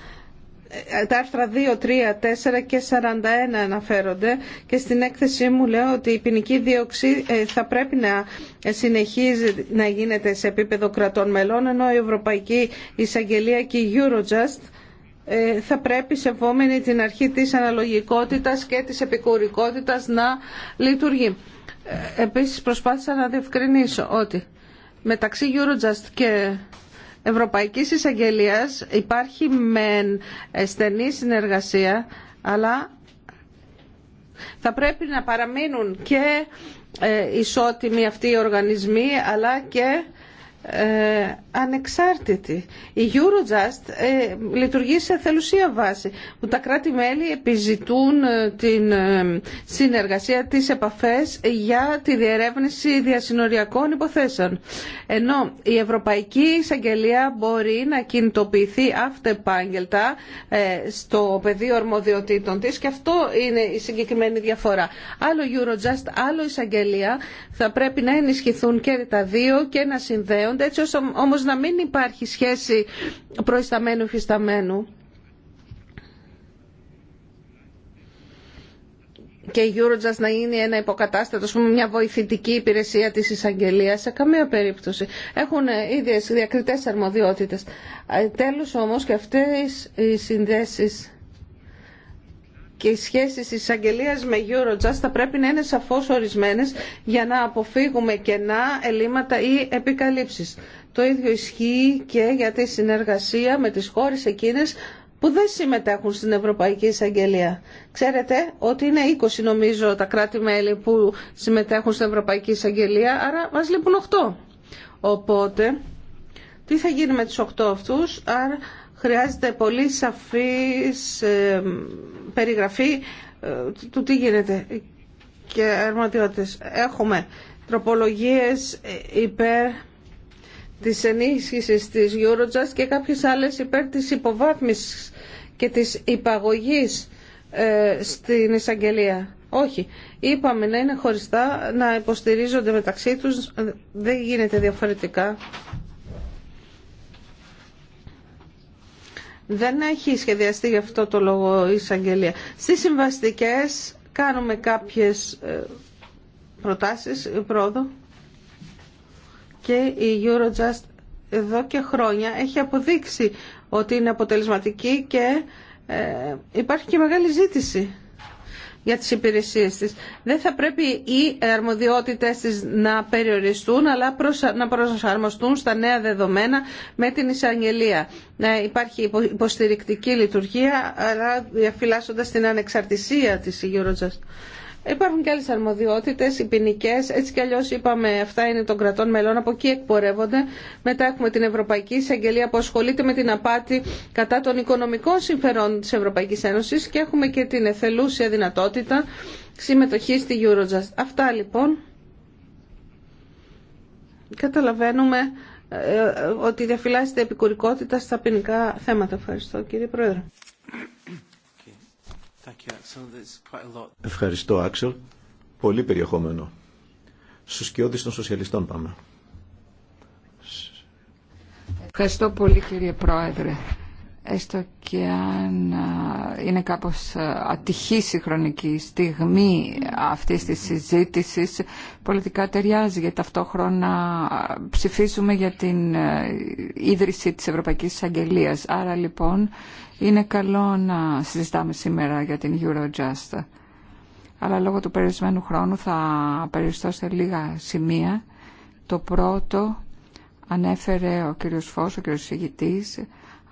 Τα άρθρα 2, 3, 4 και 41 αναφέρονται και στην έκθεσή μου λέω ότι η ποινική δίωξη ε, θα πρέπει να συνεχίζει να γίνεται σε επίπεδο κρατών μελών ενώ η Ευρωπαϊκή Εισαγγελία και η Eurojust ε, θα πρέπει σεβόμενη την αρχή της αναλογικότητας και της επικουρικότητας να λειτουργεί. Ε, επίσης προσπάθησα να διευκρινίσω ότι μεταξύ Eurojust και Ευρωπαϊκής Εισαγγελίας υπάρχει με ε, στενή συνεργασία, αλλά θα πρέπει να παραμείνουν και ε, ισότιμοι αυτοί οι οργανισμοί, αλλά και ε, ανεξάρτητη. Η Eurojust ε, λειτουργεί σε θελουσία βάση που τα κράτη-μέλη επιζητούν ε, την ε, συνεργασία της επαφές για τη διερεύνηση διασυνοριακών υποθέσεων. Ενώ η Ευρωπαϊκή Εισαγγελία μπορεί να κινητοποιηθεί αυτεπάγγελτα στο πεδίο ορμοδιοτήτων της και αυτό είναι η συγκεκριμένη διαφορά. Άλλο Eurojust, άλλο Εισαγγελία θα πρέπει να ενισχυθούν και τα δύο και να συνδέουν έτσι ώστε όμως να μην υπάρχει σχέση προϊσταμένου-φυσταμένου. και η Eurojust να είναι ένα υποκατάστατο, μια βοηθητική υπηρεσία της εισαγγελία σε καμία περίπτωση. Έχουν ίδιες διακριτές αρμοδιότητες. Ε, τέλος όμως και αυτές οι συνδέσεις και οι σχέσεις της εισαγγελίας με Eurojust θα πρέπει να είναι σαφώς ορισμένες για να αποφύγουμε κενά, ελλείμματα ή επικαλύψεις. Το ίδιο ισχύει και για τη συνεργασία με τις χώρες εκείνες που δεν συμμετέχουν στην Ευρωπαϊκή Εισαγγελία. Ξέρετε ότι είναι 20 νομίζω τα κράτη-μέλη που συμμετέχουν στην Ευρωπαϊκή Εισαγγελία, άρα μας λείπουν 8. Οπότε, τι θα γίνει με τους 8 αυτούς, άρα χρειάζεται πολύ σαφής ε, περιγραφή ε, του τι γίνεται και αρματιότητες. Έχουμε τροπολογίες ε, υπέρ της ενίσχυσης της Eurojust και κάποιες άλλες υπέρ της υποβάθμισης και της υπαγωγής στην εισαγγελία. Όχι. Είπαμε να είναι χωριστά, να υποστηρίζονται μεταξύ τους. Δεν γίνεται διαφορετικά. Δεν έχει σχεδιαστεί γι' αυτό το λόγο η εισαγγελία. Στις συμβαστικές κάνουμε κάποιες ε, προτάσεις πρόοδο και η Eurojust εδώ και χρόνια έχει αποδείξει ότι είναι αποτελεσματική και ε, υπάρχει και μεγάλη ζήτηση για τις υπηρεσίες της. Δεν θα πρέπει οι αρμοδιότητες της να περιοριστούν, αλλά να προσαρμοστούν στα νέα δεδομένα με την εισαγγελία. Να υπάρχει υποστηρικτική λειτουργία, αλλά διαφυλάσσοντας την ανεξαρτησία της Eurojust. Υπάρχουν και άλλες αρμοδιότητες, οι ποινικέ, έτσι κι αλλιώς είπαμε αυτά είναι των κρατών μελών, από εκεί εκπορεύονται. Μετά έχουμε την Ευρωπαϊκή Εισαγγελία που ασχολείται με την απάτη κατά των οικονομικών συμφερών της Ευρωπαϊκής Ένωσης και έχουμε και την εθελούσια δυνατότητα συμμετοχή στη Eurojust. Αυτά λοιπόν. Καταλαβαίνουμε ε, ε, ότι διαφυλάσσεται επικουρικότητα στα ποινικά θέματα. Ευχαριστώ κύριε Πρόεδρε. Ευχαριστώ, Άξελ. Πολύ περιεχόμενο. Στου σκιώδει των σοσιαλιστών πάμε. Ευχαριστώ πολύ, κύριε Πρόεδρε έστω και αν ε, είναι κάπως ε, ατυχής η χρονική στιγμή αυτής της συζήτησης, πολιτικά ταιριάζει, γιατί ταυτόχρονα ε, ψηφίζουμε για την ίδρυση της Ευρωπαϊκής Αγγελίας. Άρα λοιπόν είναι καλό να συζητάμε σήμερα για την Eurojust. Αλλά λόγω του περιορισμένου χρόνου θα περιοριστώ σε λίγα σημεία. Το πρώτο ανέφερε ο κύριος Φως, ο κύριος Συγητής,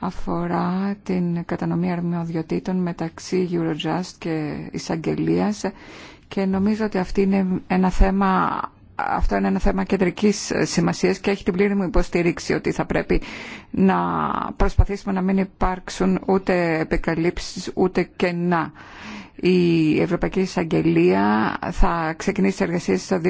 αφορά την κατανομή αρμοδιοτήτων μεταξύ Eurojust και εισαγγελία και νομίζω ότι αυτή είναι ένα θέμα, αυτό είναι ένα θέμα κεντρικής σημασίας και έχει την πλήρη μου υποστήριξη ότι θα πρέπει να προσπαθήσουμε να μην υπάρξουν ούτε επικαλύψεις ούτε κενά η Ευρωπαϊκή Εισαγγελία θα ξεκινήσει τις εργασίες το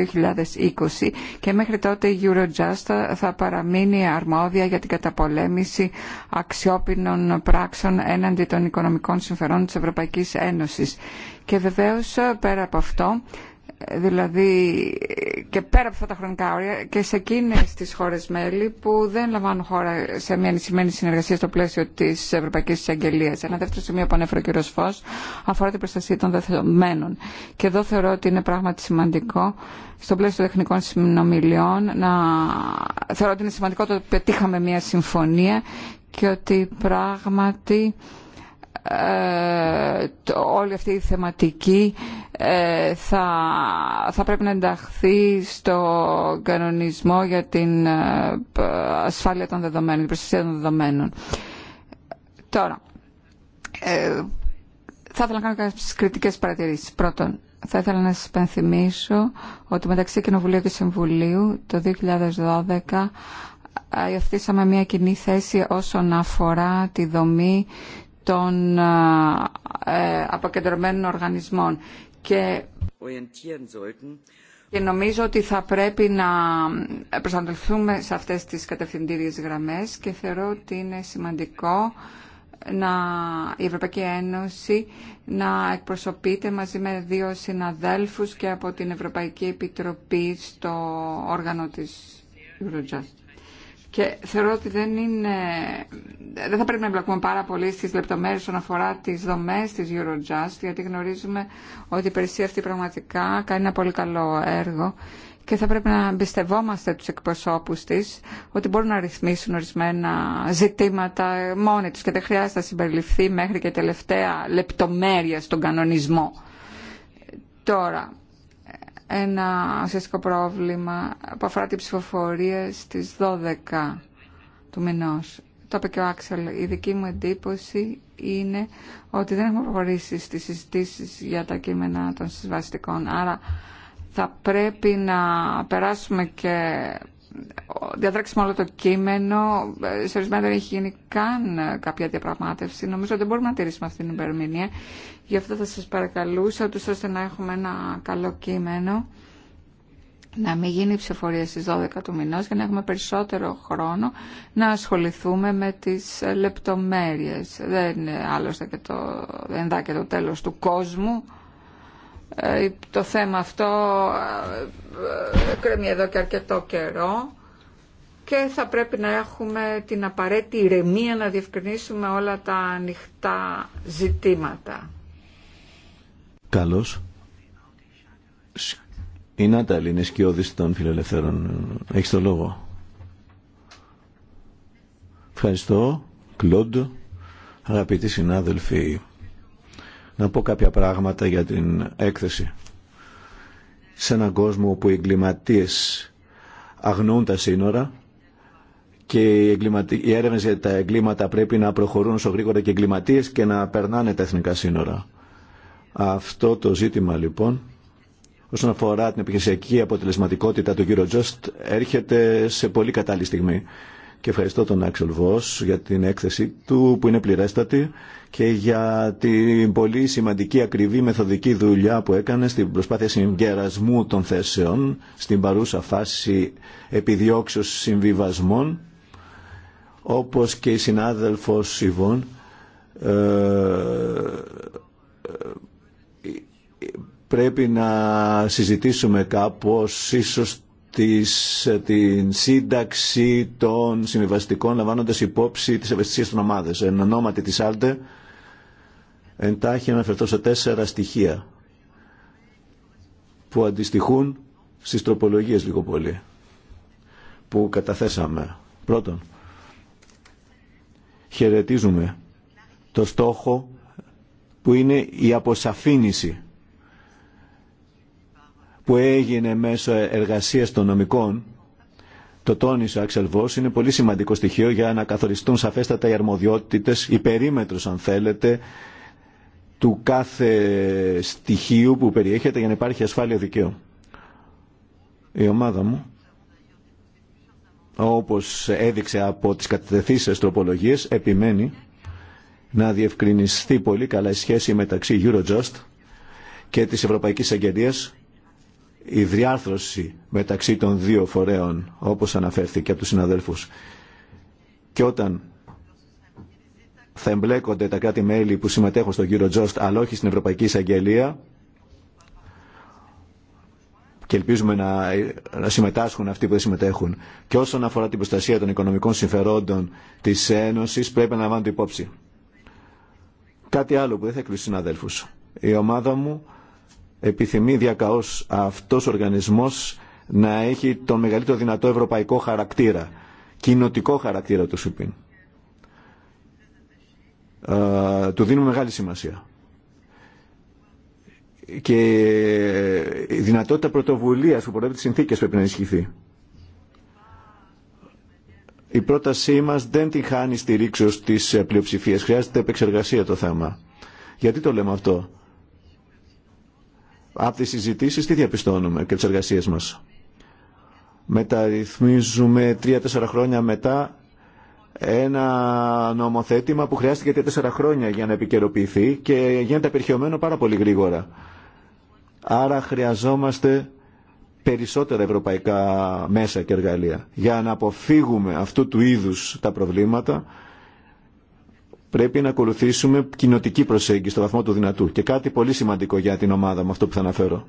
2020 και μέχρι τότε η Eurojust θα παραμείνει αρμόδια για την καταπολέμηση αξιόπινων πράξεων έναντι των οικονομικών συμφερόντων της Ευρωπαϊκής Ένωσης. Και βεβαίως πέρα από αυτό δηλαδή και πέρα από αυτά τα χρονικά όρια και σε εκείνες τις χώρες μέλη που δεν λαμβάνουν χώρα σε μια ενισχυμένη συνεργασία στο πλαίσιο της Ευρωπαϊκής Εισαγγελίας. Ένα δεύτερο σημείο που ανέφερε ο κ. Φως αφορά την προστασία των δεδομένων. Και εδώ θεωρώ ότι είναι πράγματι σημαντικό στο πλαίσιο τεχνικών συνομιλιών να θεωρώ ότι είναι σημαντικό το ότι πετύχαμε μια συμφωνία και ότι πράγματι το, όλη αυτή η θεματική ε, θα, θα πρέπει να ενταχθεί στο κανονισμό για την ε, ασφάλεια των δεδομένων, την προστασία των δεδομένων. Τώρα, ε, θα ήθελα να κάνω κάποιες κριτικές παρατηρήσεις. Πρώτον, θα ήθελα να σας υπενθυμίσω ότι μεταξύ Κοινοβουλίου και Συμβουλίου το 2012 Υιοθετήσαμε μια κοινή θέση όσον αφορά τη δομή των ε, αποκεντρωμένων οργανισμών. Και και νομίζω ότι θα πρέπει να προσανατολθούμε σε αυτές τις κατευθυντήριες γραμμές και θεωρώ ότι είναι σημαντικό να, η Ευρωπαϊκή Ένωση να εκπροσωπείται μαζί με δύο συναδέλφους και από την Ευρωπαϊκή Επιτροπή στο όργανο της Eurojust. Και θεωρώ ότι δεν, είναι, δεν θα πρέπει να εμπλακούμε πάρα πολύ στι λεπτομέρειε όσον αφορά τι δομέ τη Eurojust, γιατί γνωρίζουμε ότι η περισσία αυτή πραγματικά κάνει ένα πολύ καλό έργο και θα πρέπει να εμπιστευόμαστε τους εκπροσώπους της ότι μπορούν να ρυθμίσουν ορισμένα ζητήματα μόνοι τους και δεν χρειάζεται να συμπεριληφθεί μέχρι και τελευταία λεπτομέρεια στον κανονισμό. Τώρα, ένα ουσιαστικό πρόβλημα που αφορά την ψηφοφορία στις 12 του μηνός. Το είπε και ο Άξελ. Η δική μου εντύπωση είναι ότι δεν έχουμε προχωρήσει στις συζητήσει για τα κείμενα των συσβαστικών. Άρα θα πρέπει να περάσουμε και διαδράξουμε όλο το κείμενο. Σε ορισμένα δεν έχει γίνει καν κάποια διαπραγμάτευση. Νομίζω ότι δεν μπορούμε να τηρήσουμε αυτή την υπερμηνία. Γι' αυτό θα σας παρακαλούσα, ότι ώστε να έχουμε ένα καλό κείμενο, να μην γίνει η ψηφορία στις 12 του μηνός για να έχουμε περισσότερο χρόνο να ασχοληθούμε με τις λεπτομέρειες. Δεν είναι άλλωστε και το, δεν και το τέλος του κόσμου. Ε, το θέμα αυτό ε, κρέμει εδώ και αρκετό καιρό και θα πρέπει να έχουμε την απαραίτητη ηρεμία να διευκρινίσουμε όλα τα ανοιχτά ζητήματα. Καλώς. Η Νάταλη είναι σκιώδης των φιλελευθέρων. Έχεις το λόγο. Ευχαριστώ. Κλοντ. Αγαπητοί συνάδελφοι, να πω κάποια πράγματα για την έκθεση. Σε έναν κόσμο όπου οι εγκληματίες αγνοούν τα σύνορα και οι, οι έρευνες για τα εγκλήματα πρέπει να προχωρούν όσο γρήγορα και εγκληματίες και να περνάνε τα εθνικά σύνορα. Αυτό το ζήτημα λοιπόν όσον αφορά την επιχειρησιακή αποτελεσματικότητα του Eurojust έρχεται σε πολύ κατάλληλη στιγμή και ευχαριστώ τον Άξελ Βος για την έκθεση του που είναι πληρέστατη και για την πολύ σημαντική ακριβή μεθοδική δουλειά που έκανε στην προσπάθεια συγκερασμού των θέσεων στην παρούσα φάση επιδιώξεως συμβιβασμών όπως και η συνάδελφος Σιβών ε, ε, πρέπει να συζητήσουμε κάπως ίσως της, ε, την σύνταξη των συμβιβαστικών λαμβάνοντας υπόψη τις ευαισθησίες των ομάδες. Εν ονόματι της Άλτε εντάχει αναφερθώ σε τέσσερα στοιχεία που αντιστοιχούν στις τροπολογίες λίγο πολύ που καταθέσαμε. Πρώτον, χαιρετίζουμε το στόχο που είναι η αποσαφήνιση που έγινε μέσω εργασία των νομικών, το τόνισε ο Άξελ Βός, είναι πολύ σημαντικό στοιχείο για να καθοριστούν σαφέστατα οι αρμοδιότητε, η περίμετρος αν θέλετε, του κάθε στοιχείου που περιέχεται για να υπάρχει ασφάλεια δικαίου. Η ομάδα μου, όπως έδειξε από τις κατευθύνσεις τροπολογίε, επιμένει να διευκρινιστεί πολύ καλά η σχέση μεταξύ Eurojust και της Ευρωπαϊκής Αγγελίας η διάρθρωση μεταξύ των δύο φορέων, όπως αναφέρθηκε από τους συναδέλφους. Και όταν θα εμπλέκονται τα κράτη-μέλη που συμμετέχουν στον κύριο Τζόστ, αλλά όχι στην Ευρωπαϊκή Εισαγγελία, και ελπίζουμε να, να συμμετάσχουν αυτοί που δεν συμμετέχουν. Και όσον αφορά την προστασία των οικονομικών συμφερόντων της Ένωσης, πρέπει να λαμβάνονται υπόψη. Κάτι άλλο που δεν θα εκλούσει συναδέλφους. Η ομάδα μου επιθυμεί διακαώς αυτός ο οργανισμός να έχει το μεγαλύτερο δυνατό ευρωπαϊκό χαρακτήρα, κοινοτικό χαρακτήρα του ΣΥΠΗΝ. Του δίνουμε μεγάλη σημασία. Και η δυνατότητα πρωτοβουλίας που προβλέπει τις συνθήκες πρέπει να ενισχυθεί. Η πρότασή μας δεν τη χάνει στη ρήξη της πλειοψηφίας. Χρειάζεται επεξεργασία το θέμα. Γιατί το λέμε αυτό από τις συζητήσεις τι διαπιστώνουμε και τις εργασίες μας. Μεταρρυθμίζουμε τρία-τέσσερα χρόνια μετά ένα νομοθέτημα που χρειάστηκε τέσσερα χρόνια για να επικαιροποιηθεί και γίνεται απερχαιωμένο πάρα πολύ γρήγορα. Άρα χρειαζόμαστε περισσότερα ευρωπαϊκά μέσα και εργαλεία για να αποφύγουμε αυτού του είδους τα προβλήματα πρέπει να ακολουθήσουμε κοινοτική προσέγγιση στο βαθμό του δυνατού. Και κάτι πολύ σημαντικό για την ομάδα μου, αυτό που θα αναφέρω.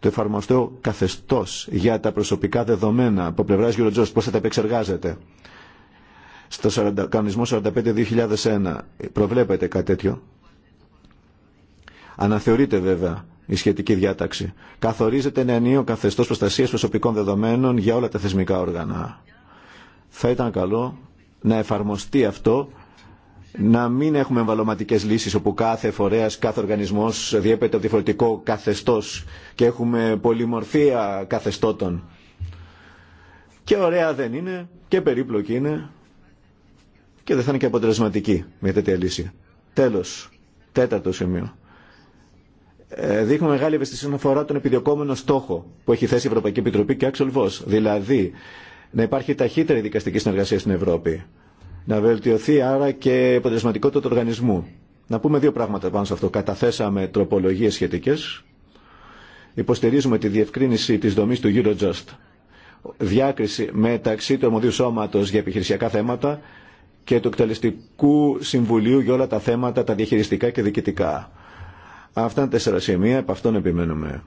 Το εφαρμοστείο καθεστώ για τα προσωπικά δεδομένα από πλευρά Eurojust, πώ θα τα επεξεργάζεται. Στο 40, κανονισμό 45-2001 προβλέπεται κάτι τέτοιο. Αναθεωρείται βέβαια η σχετική διάταξη. Καθορίζεται ένα ενίο καθεστώ προστασία προσωπικών δεδομένων για όλα τα θεσμικά όργανα. Θα ήταν καλό να εφαρμοστεί αυτό να μην έχουμε εμβαλωματικέ λύσει όπου κάθε φορέα, κάθε οργανισμό διέπεται από διαφορετικό καθεστώ και έχουμε πολυμορφία καθεστώτων. Και ωραία δεν είναι και περίπλοκη είναι και δεν θα είναι και αποτελεσματική μια τέτοια λύση. Τέλο, τέταρτο σημείο. Ε, δείχνουμε μεγάλη ευαισθησία να αφορά τον επιδιωκόμενο στόχο που έχει θέσει η Ευρωπαϊκή Επιτροπή και ο Δηλαδή, να υπάρχει ταχύτερη δικαστική συνεργασία στην Ευρώπη να βελτιωθεί άρα και η αποτελεσματικότητα του οργανισμού. Να πούμε δύο πράγματα πάνω σε αυτό. Καταθέσαμε τροπολογίες σχετικές. Υποστηρίζουμε τη διευκρίνηση της δομής του Eurojust. Διάκριση μεταξύ του Ομοδίου Σώματος για επιχειρησιακά θέματα και του Εκτελεστικού Συμβουλίου για όλα τα θέματα, τα διαχειριστικά και διοικητικά. Αυτά είναι τέσσερα σημεία, επ' αυτόν επιμένουμε.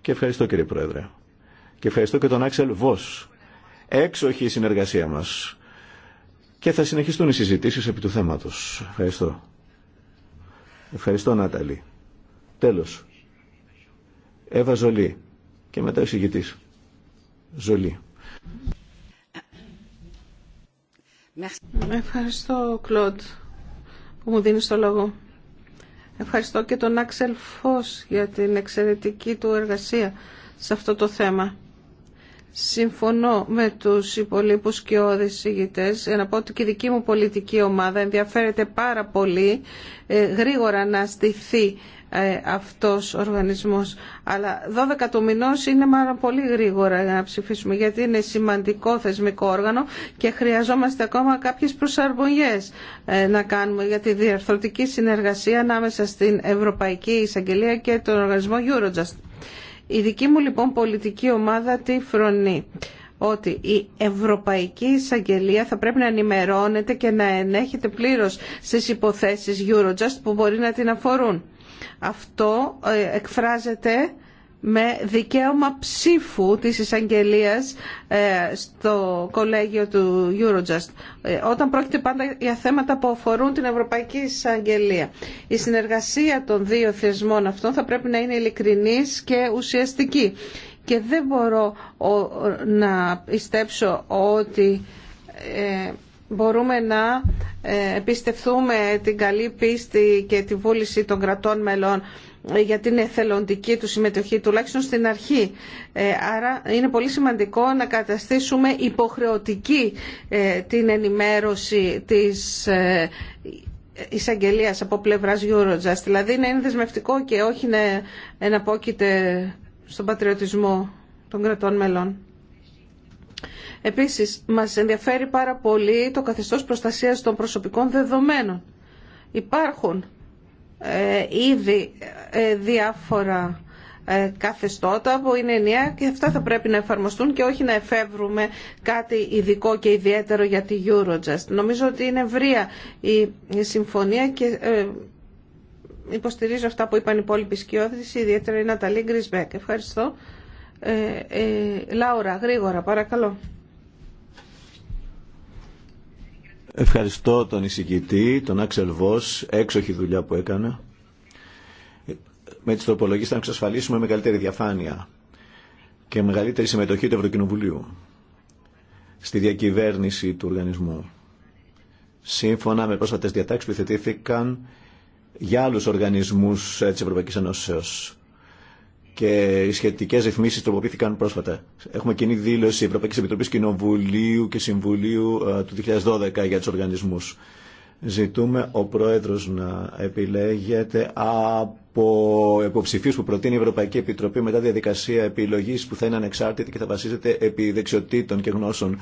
Και ευχαριστώ κύριε Πρόεδρε. Και ευχαριστώ και τον Άξελ Βος. Έξοχη η συνεργασία μας και θα συνεχιστούν οι συζητήσεις επί του θέματος. Ευχαριστώ. Ευχαριστώ Νάταλη. Τέλος. Εύα Ζολή και μετά ο συγγητής. Ζολή. Ευχαριστώ Κλοντ που μου δίνεις το λόγο. Ευχαριστώ και τον Άξελ Φως για την εξαιρετική του εργασία σε αυτό το θέμα. Συμφωνώ με τους υπολείπους και όδες ηγητές. Ε, να πω ότι και η δική μου πολιτική ομάδα ενδιαφέρεται πάρα πολύ ε, γρήγορα να στηθεί ε, αυτός ο οργανισμός. Αλλά 12 του μηνός είναι μάλλον πολύ γρήγορα για να ψηφίσουμε γιατί είναι σημαντικό θεσμικό όργανο και χρειαζόμαστε ακόμα κάποιες προσαρμογές να κάνουμε για τη διαρθρωτική συνεργασία ανάμεσα στην Ευρωπαϊκή Εισαγγελία και τον οργανισμό Eurojust. Η δική μου λοιπόν πολιτική ομάδα τη φρονεί ότι η Ευρωπαϊκή Εισαγγελία θα πρέπει να ενημερώνεται και να ενέχεται πλήρως στις υποθέσεις Eurojust που μπορεί να την αφορούν. Αυτό ε, εκφράζεται με δικαίωμα ψήφου της εισαγγελία ε, στο κολέγιο του Eurojust, ε, όταν πρόκειται πάντα για θέματα που αφορούν την Ευρωπαϊκή Εισαγγελία. Η συνεργασία των δύο θεσμών αυτών θα πρέπει να είναι ειλικρινής και ουσιαστική. Και δεν μπορώ να πιστέψω ότι ε, μπορούμε να πιστευτούμε την καλή πίστη και τη βούληση των κρατών μελών για την εθελοντική του συμμετοχή, τουλάχιστον στην αρχή. Ε, άρα είναι πολύ σημαντικό να καταστήσουμε υποχρεωτική ε, την ενημέρωση της ε, εισαγγελίας από πλευράς Eurojust. Δηλαδή να είναι δεσμευτικό και όχι να εναπόκειται στον πατριωτισμό των κρατών μελών. Επίσης, μας ενδιαφέρει πάρα πολύ το καθεστώς προστασίας των προσωπικών δεδομένων. Υπάρχουν ε, ήδη ε, διάφορα ε, καθεστώτα που είναι ενιαία και αυτά θα πρέπει να εφαρμοστούν και όχι να εφεύρουμε κάτι ειδικό και ιδιαίτερο για τη Eurojust. Νομίζω ότι είναι ευρία η συμφωνία και υποστηρίζω αυτά που είπαν οι υπόλοιποι σκιώδεις, ιδιαίτερα η Ναταλή Γκρισμπέκ. Ευχαριστώ. Λάουρα, γρήγορα, παρακαλώ. Ευχαριστώ τον εισηγητή, τον Άξελ Βος, έξοχη δουλειά που έκανα Με τις τροπολογίες θα εξασφαλίσουμε μεγαλύτερη διαφάνεια και μεγαλύτερη συμμετοχή του Ευρωκοινοβουλίου στη διακυβέρνηση του οργανισμού. Σύμφωνα με πρόσφατες διατάξεις που θετήθηκαν για άλλους οργανισμούς ε, της Ευρωπαϊκής Ενώσεως και οι σχετικέ ρυθμίσει τροποποιήθηκαν πρόσφατα. Έχουμε κοινή δήλωση Ευρωπαϊκή Επιτροπή Κοινοβουλίου και Συμβουλίου ε, του 2012 για του οργανισμού. Ζητούμε ο Πρόεδρο να επιλέγεται από υποψηφίου που προτείνει η Ευρωπαϊκή Επιτροπή μετά διαδικασία επιλογή που θα είναι ανεξάρτητη και θα βασίζεται επί δεξιοτήτων και γνώσεων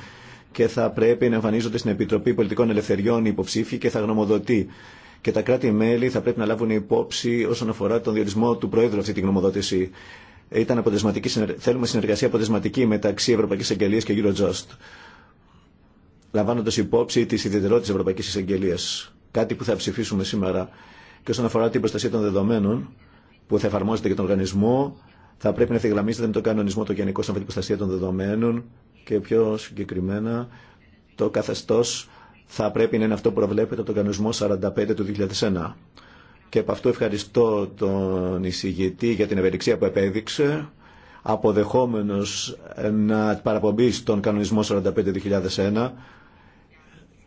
και θα πρέπει να εμφανίζονται στην Επιτροπή Πολιτικών Ελευθεριών οι υποψήφοι και θα γνωμοδοτεί και τα κράτη-μέλη θα πρέπει να λάβουν υπόψη όσον αφορά τον διορισμό του Προέδρου αυτή τη γνωμοδότηση. Ήταν θέλουμε συνεργασία αποτελεσματική μεταξύ Ευρωπαϊκή Αγγελία και Eurojust, λαμβάνοντα υπόψη τι ιδιαιτερότητα τη Ευρωπαϊκή Εισαγγελία, Κάτι που θα ψηφίσουμε σήμερα. Και όσον αφορά την προστασία των δεδομένων που θα εφαρμόζεται για τον οργανισμό, θα πρέπει να ευθυγραμμίζεται με τον κανονισμό το γενικό σαν την προστασία των δεδομένων και πιο συγκεκριμένα το καθεστώ θα πρέπει να είναι αυτό που προβλέπεται από τον κανονισμό 45 του 2001. Και από αυτό ευχαριστώ τον εισηγητή για την ευελιξία που επέδειξε, αποδεχόμενος να παραπομπεί τον κανονισμό 45-2001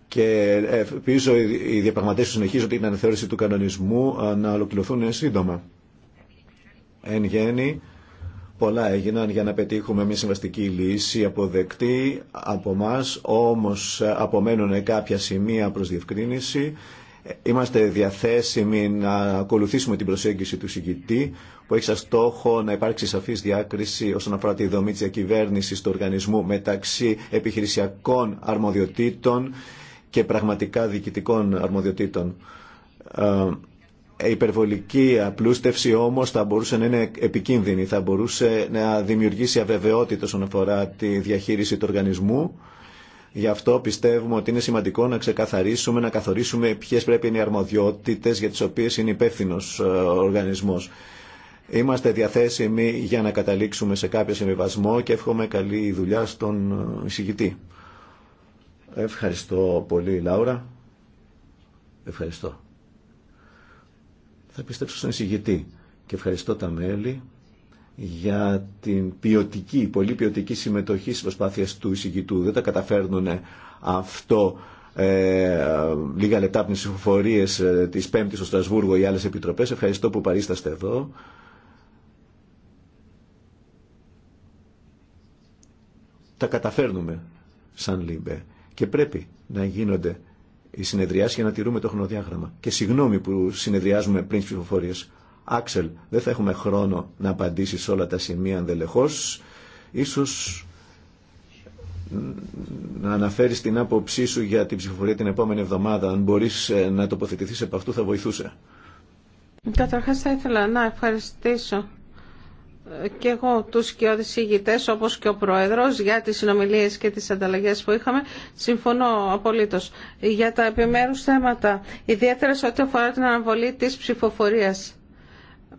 και ελπίζω οι διαπραγματεύσεις συνεχίζονται την αναθεώρηση του κανονισμού να ολοκληρωθούν σύντομα. Εν γέννη, Πολλά έγιναν για να πετύχουμε μια συμβαστική λύση αποδεκτή από εμά, όμως απομένουν κάποια σημεία προς διευκρίνηση. Είμαστε διαθέσιμοι να ακολουθήσουμε την προσέγγιση του συγκητή που έχει σαν στόχο να υπάρξει σαφής διάκριση όσον αφορά τη δομή της διακυβέρνησης του οργανισμού μεταξύ επιχειρησιακών αρμοδιοτήτων και πραγματικά διοικητικών αρμοδιοτήτων ε, η ε, υπερβολική απλούστευση όμως θα μπορούσε να είναι επικίνδυνη, θα μπορούσε να δημιουργήσει αβεβαιότητα όσον αφορά τη διαχείριση του οργανισμού. Γι' αυτό πιστεύουμε ότι είναι σημαντικό να ξεκαθαρίσουμε, να καθορίσουμε ποιε πρέπει είναι οι αρμοδιότητε για τι οποίε είναι υπεύθυνο ε, ο οργανισμό. Είμαστε διαθέσιμοι για να καταλήξουμε σε κάποιο συμβιβασμό και εύχομαι καλή δουλειά στον ε, εισηγητή. Ευχαριστώ πολύ, Λάουρα. Ευχαριστώ. Θα πιστέψω στον εισηγητή και ευχαριστώ τα μέλη για την ποιοτική, πολύ ποιοτική συμμετοχή στις προσπάθειες του εισηγητού. Δεν τα καταφέρνουν αυτό ε, λίγα λεπτά από τις συμφορίες ε, της Πέμπτης στο Στρασβούργο ή άλλες επιτροπές. Ευχαριστώ που παρίσταστε εδώ. Τα καταφέρνουμε σαν Λίμπε και πρέπει να γίνονται η συνεδριάσει για να τηρούμε το χρονοδιάγραμμα. Και συγγνώμη που συνεδριάζουμε πριν τι ψηφοφορίε. Άξελ, δεν θα έχουμε χρόνο να απαντήσει όλα τα σημεία ενδελεχώ. Ίσως να αναφέρεις την άποψή σου για την ψηφοφορία την επόμενη εβδομάδα. Αν μπορεί ε, να τοποθετηθεί επ' αυτού θα βοηθούσε. Καταρχά, θα ήθελα να ευχαριστήσω και εγώ τους και όπως και ο Πρόεδρος για τις συνομιλίες και τις ανταλλαγές που είχαμε συμφωνώ απολύτως για τα επιμέρους θέματα ιδιαίτερα σε ό,τι αφορά την αναβολή της ψηφοφορίας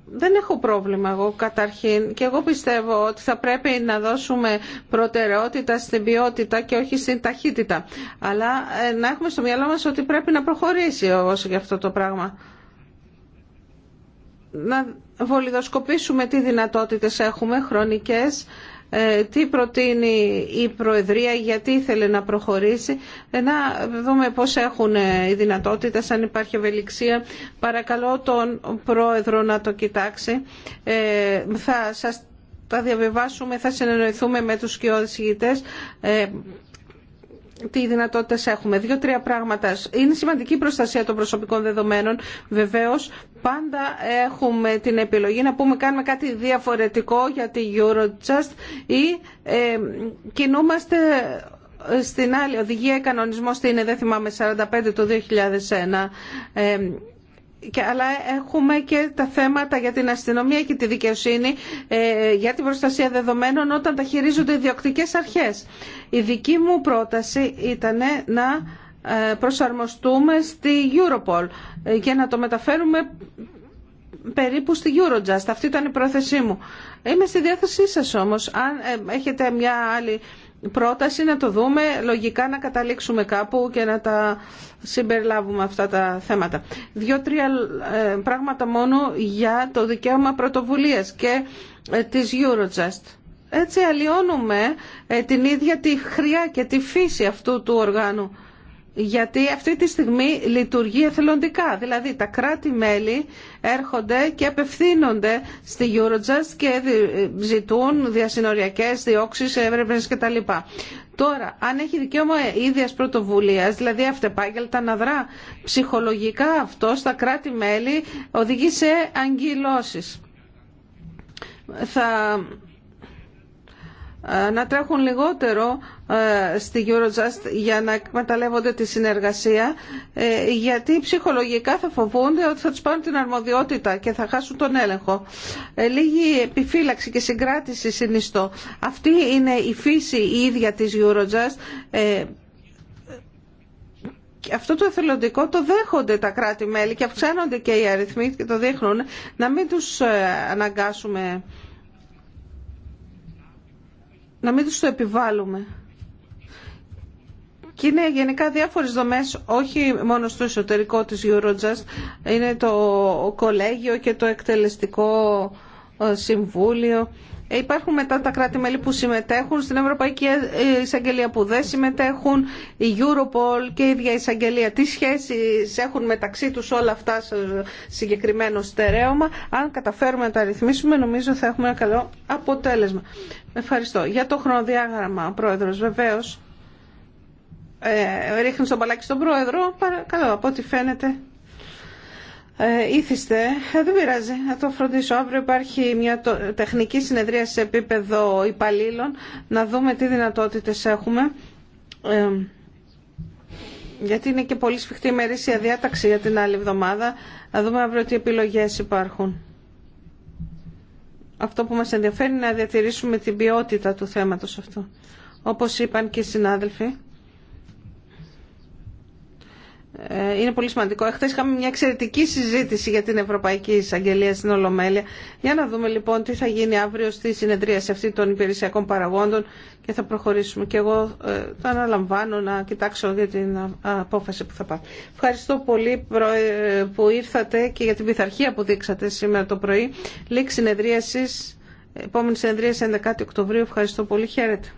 δεν έχω πρόβλημα εγώ καταρχήν και εγώ πιστεύω ότι θα πρέπει να δώσουμε προτεραιότητα στην ποιότητα και όχι στην ταχύτητα αλλά ε, να έχουμε στο μυαλό μας ότι πρέπει να προχωρήσει όσο για αυτό το πράγμα να βολιδοσκοπήσουμε τι δυνατότητες έχουμε χρονικές, ε, τι προτείνει η Προεδρία, γιατί ήθελε να προχωρήσει, ε, να δούμε πώς έχουν ε, οι δυνατότητες, αν υπάρχει ευελιξία. Παρακαλώ τον Πρόεδρο να το κοιτάξει. θα σας τα θα συνεννοηθούμε με τους σκιώδης ηγητές τι δυνατοτητε εχουμε έχουμε. Δύο-τρία πράγματα. Είναι σημαντική η προστασία των προσωπικών δεδομένων. Βεβαίως, πάντα έχουμε την επιλογή να πούμε κάνουμε κάτι διαφορετικό για τη Eurojust ή ε, κινούμαστε στην άλλη οδηγία κανονισμό, τι είναι, δεν θυμάμαι, 45 το 2001. Ε, αλλά έχουμε και τα θέματα για την αστυνομία και τη δικαιοσύνη ε, για την προστασία δεδομένων όταν τα χειρίζονται ιδιοκτικές αρχές. Η δική μου πρόταση ήταν να ε, προσαρμοστούμε στη Europol και ε, να το μεταφέρουμε περίπου στη Eurojust. Αυτή ήταν η πρόθεσή μου. Είμαι στη διάθεσή σας όμως. Αν έχετε μια άλλη πρόταση να το δούμε, λογικά να καταλήξουμε κάπου και να τα συμπεριλάβουμε αυτά τα θέματα. Δύο-τρία ε, πράγματα μόνο για το δικαίωμα πρωτοβουλίας και ε, της Eurojust. Έτσι αλλοιώνουμε ε, την ίδια τη χρειά και τη φύση αυτού του οργάνου γιατί αυτή τη στιγμή λειτουργεί εθελοντικά. Δηλαδή τα κράτη-μέλη έρχονται και απευθύνονται στη Eurojust και ζητούν διασυνοριακές διώξεις, έρευνες κτλ. Τώρα, αν έχει δικαίωμα ίδιας πρωτοβουλίας, δηλαδή αυτεπάγγελτα να δρά ψυχολογικά αυτό στα κράτη-μέλη οδηγεί σε αγγυλώσεις. Ε, να τρέχουν λιγότερο ε, στη Eurojust για να εκμεταλλεύονται τη συνεργασία ε, γιατί ψυχολογικά θα φοβούνται ότι θα τους πάρουν την αρμοδιότητα και θα χάσουν τον έλεγχο. Λίγη επιφύλαξη και συγκράτηση συνιστώ. Αυτή είναι η φύση η ίδια της Eurojust αυτό το εθελοντικό το δέχονται τα κράτη-μέλη και αυξάνονται και οι αριθμοί και το δείχνουν να μην τους αναγκάσουμε να μην τους το επιβάλλουμε. Και είναι γενικά διάφορες δομές, όχι μόνο στο εσωτερικό της Eurojust, είναι το κολέγιο και το εκτελεστικό ε, συμβούλιο ε, υπάρχουν μετά τα κράτη-μέλη που συμμετέχουν στην Ευρωπαϊκή Εισαγγελία που δεν συμμετέχουν, η Europol και η ίδια εισαγγελία. Τι σχέσει έχουν μεταξύ τους όλα αυτά σε συγκεκριμένο στερέωμα. Αν καταφέρουμε να τα ρυθμίσουμε νομίζω θα έχουμε ένα καλό αποτέλεσμα. Ευχαριστώ. Για το χρονοδιάγραμμα, πρόεδρο, βεβαίω. Ε, ρίχνει τον παλάκι στον Πρόεδρο. Παρακαλώ, από ό,τι φαίνεται ε, ήθιστε, ε, δεν πειράζει, να το φροντίσω. Αύριο υπάρχει μια τεχνική συνεδρία σε επίπεδο υπαλλήλων, να δούμε τι δυνατότητες έχουμε. Ε, γιατί είναι και πολύ σφιχτή ημερήσια διάταξη για την άλλη εβδομάδα. Να δούμε αύριο τι επιλογές υπάρχουν. Αυτό που μας ενδιαφέρει είναι να διατηρήσουμε την ποιότητα του θέματος αυτού. Όπως είπαν και οι συνάδελφοι, ε, είναι πολύ σημαντικό. Εχθές είχαμε μια εξαιρετική συζήτηση για την Ευρωπαϊκή Εισαγγελία στην Ολομέλεια. Για να δούμε λοιπόν τι θα γίνει αύριο στη συνεδρία σε αυτή των υπηρεσιακών παραγόντων και θα προχωρήσουμε. Και εγώ το ε, αναλαμβάνω να κοιτάξω για την απόφαση που θα πάρει. Ευχαριστώ πολύ που ήρθατε και για την πειθαρχία που δείξατε σήμερα το πρωί. Λήξη συνεδρίασης, επόμενη συνεδρίαση 11 Οκτωβρίου. Ευχαριστώ πολύ. Χαίρετε.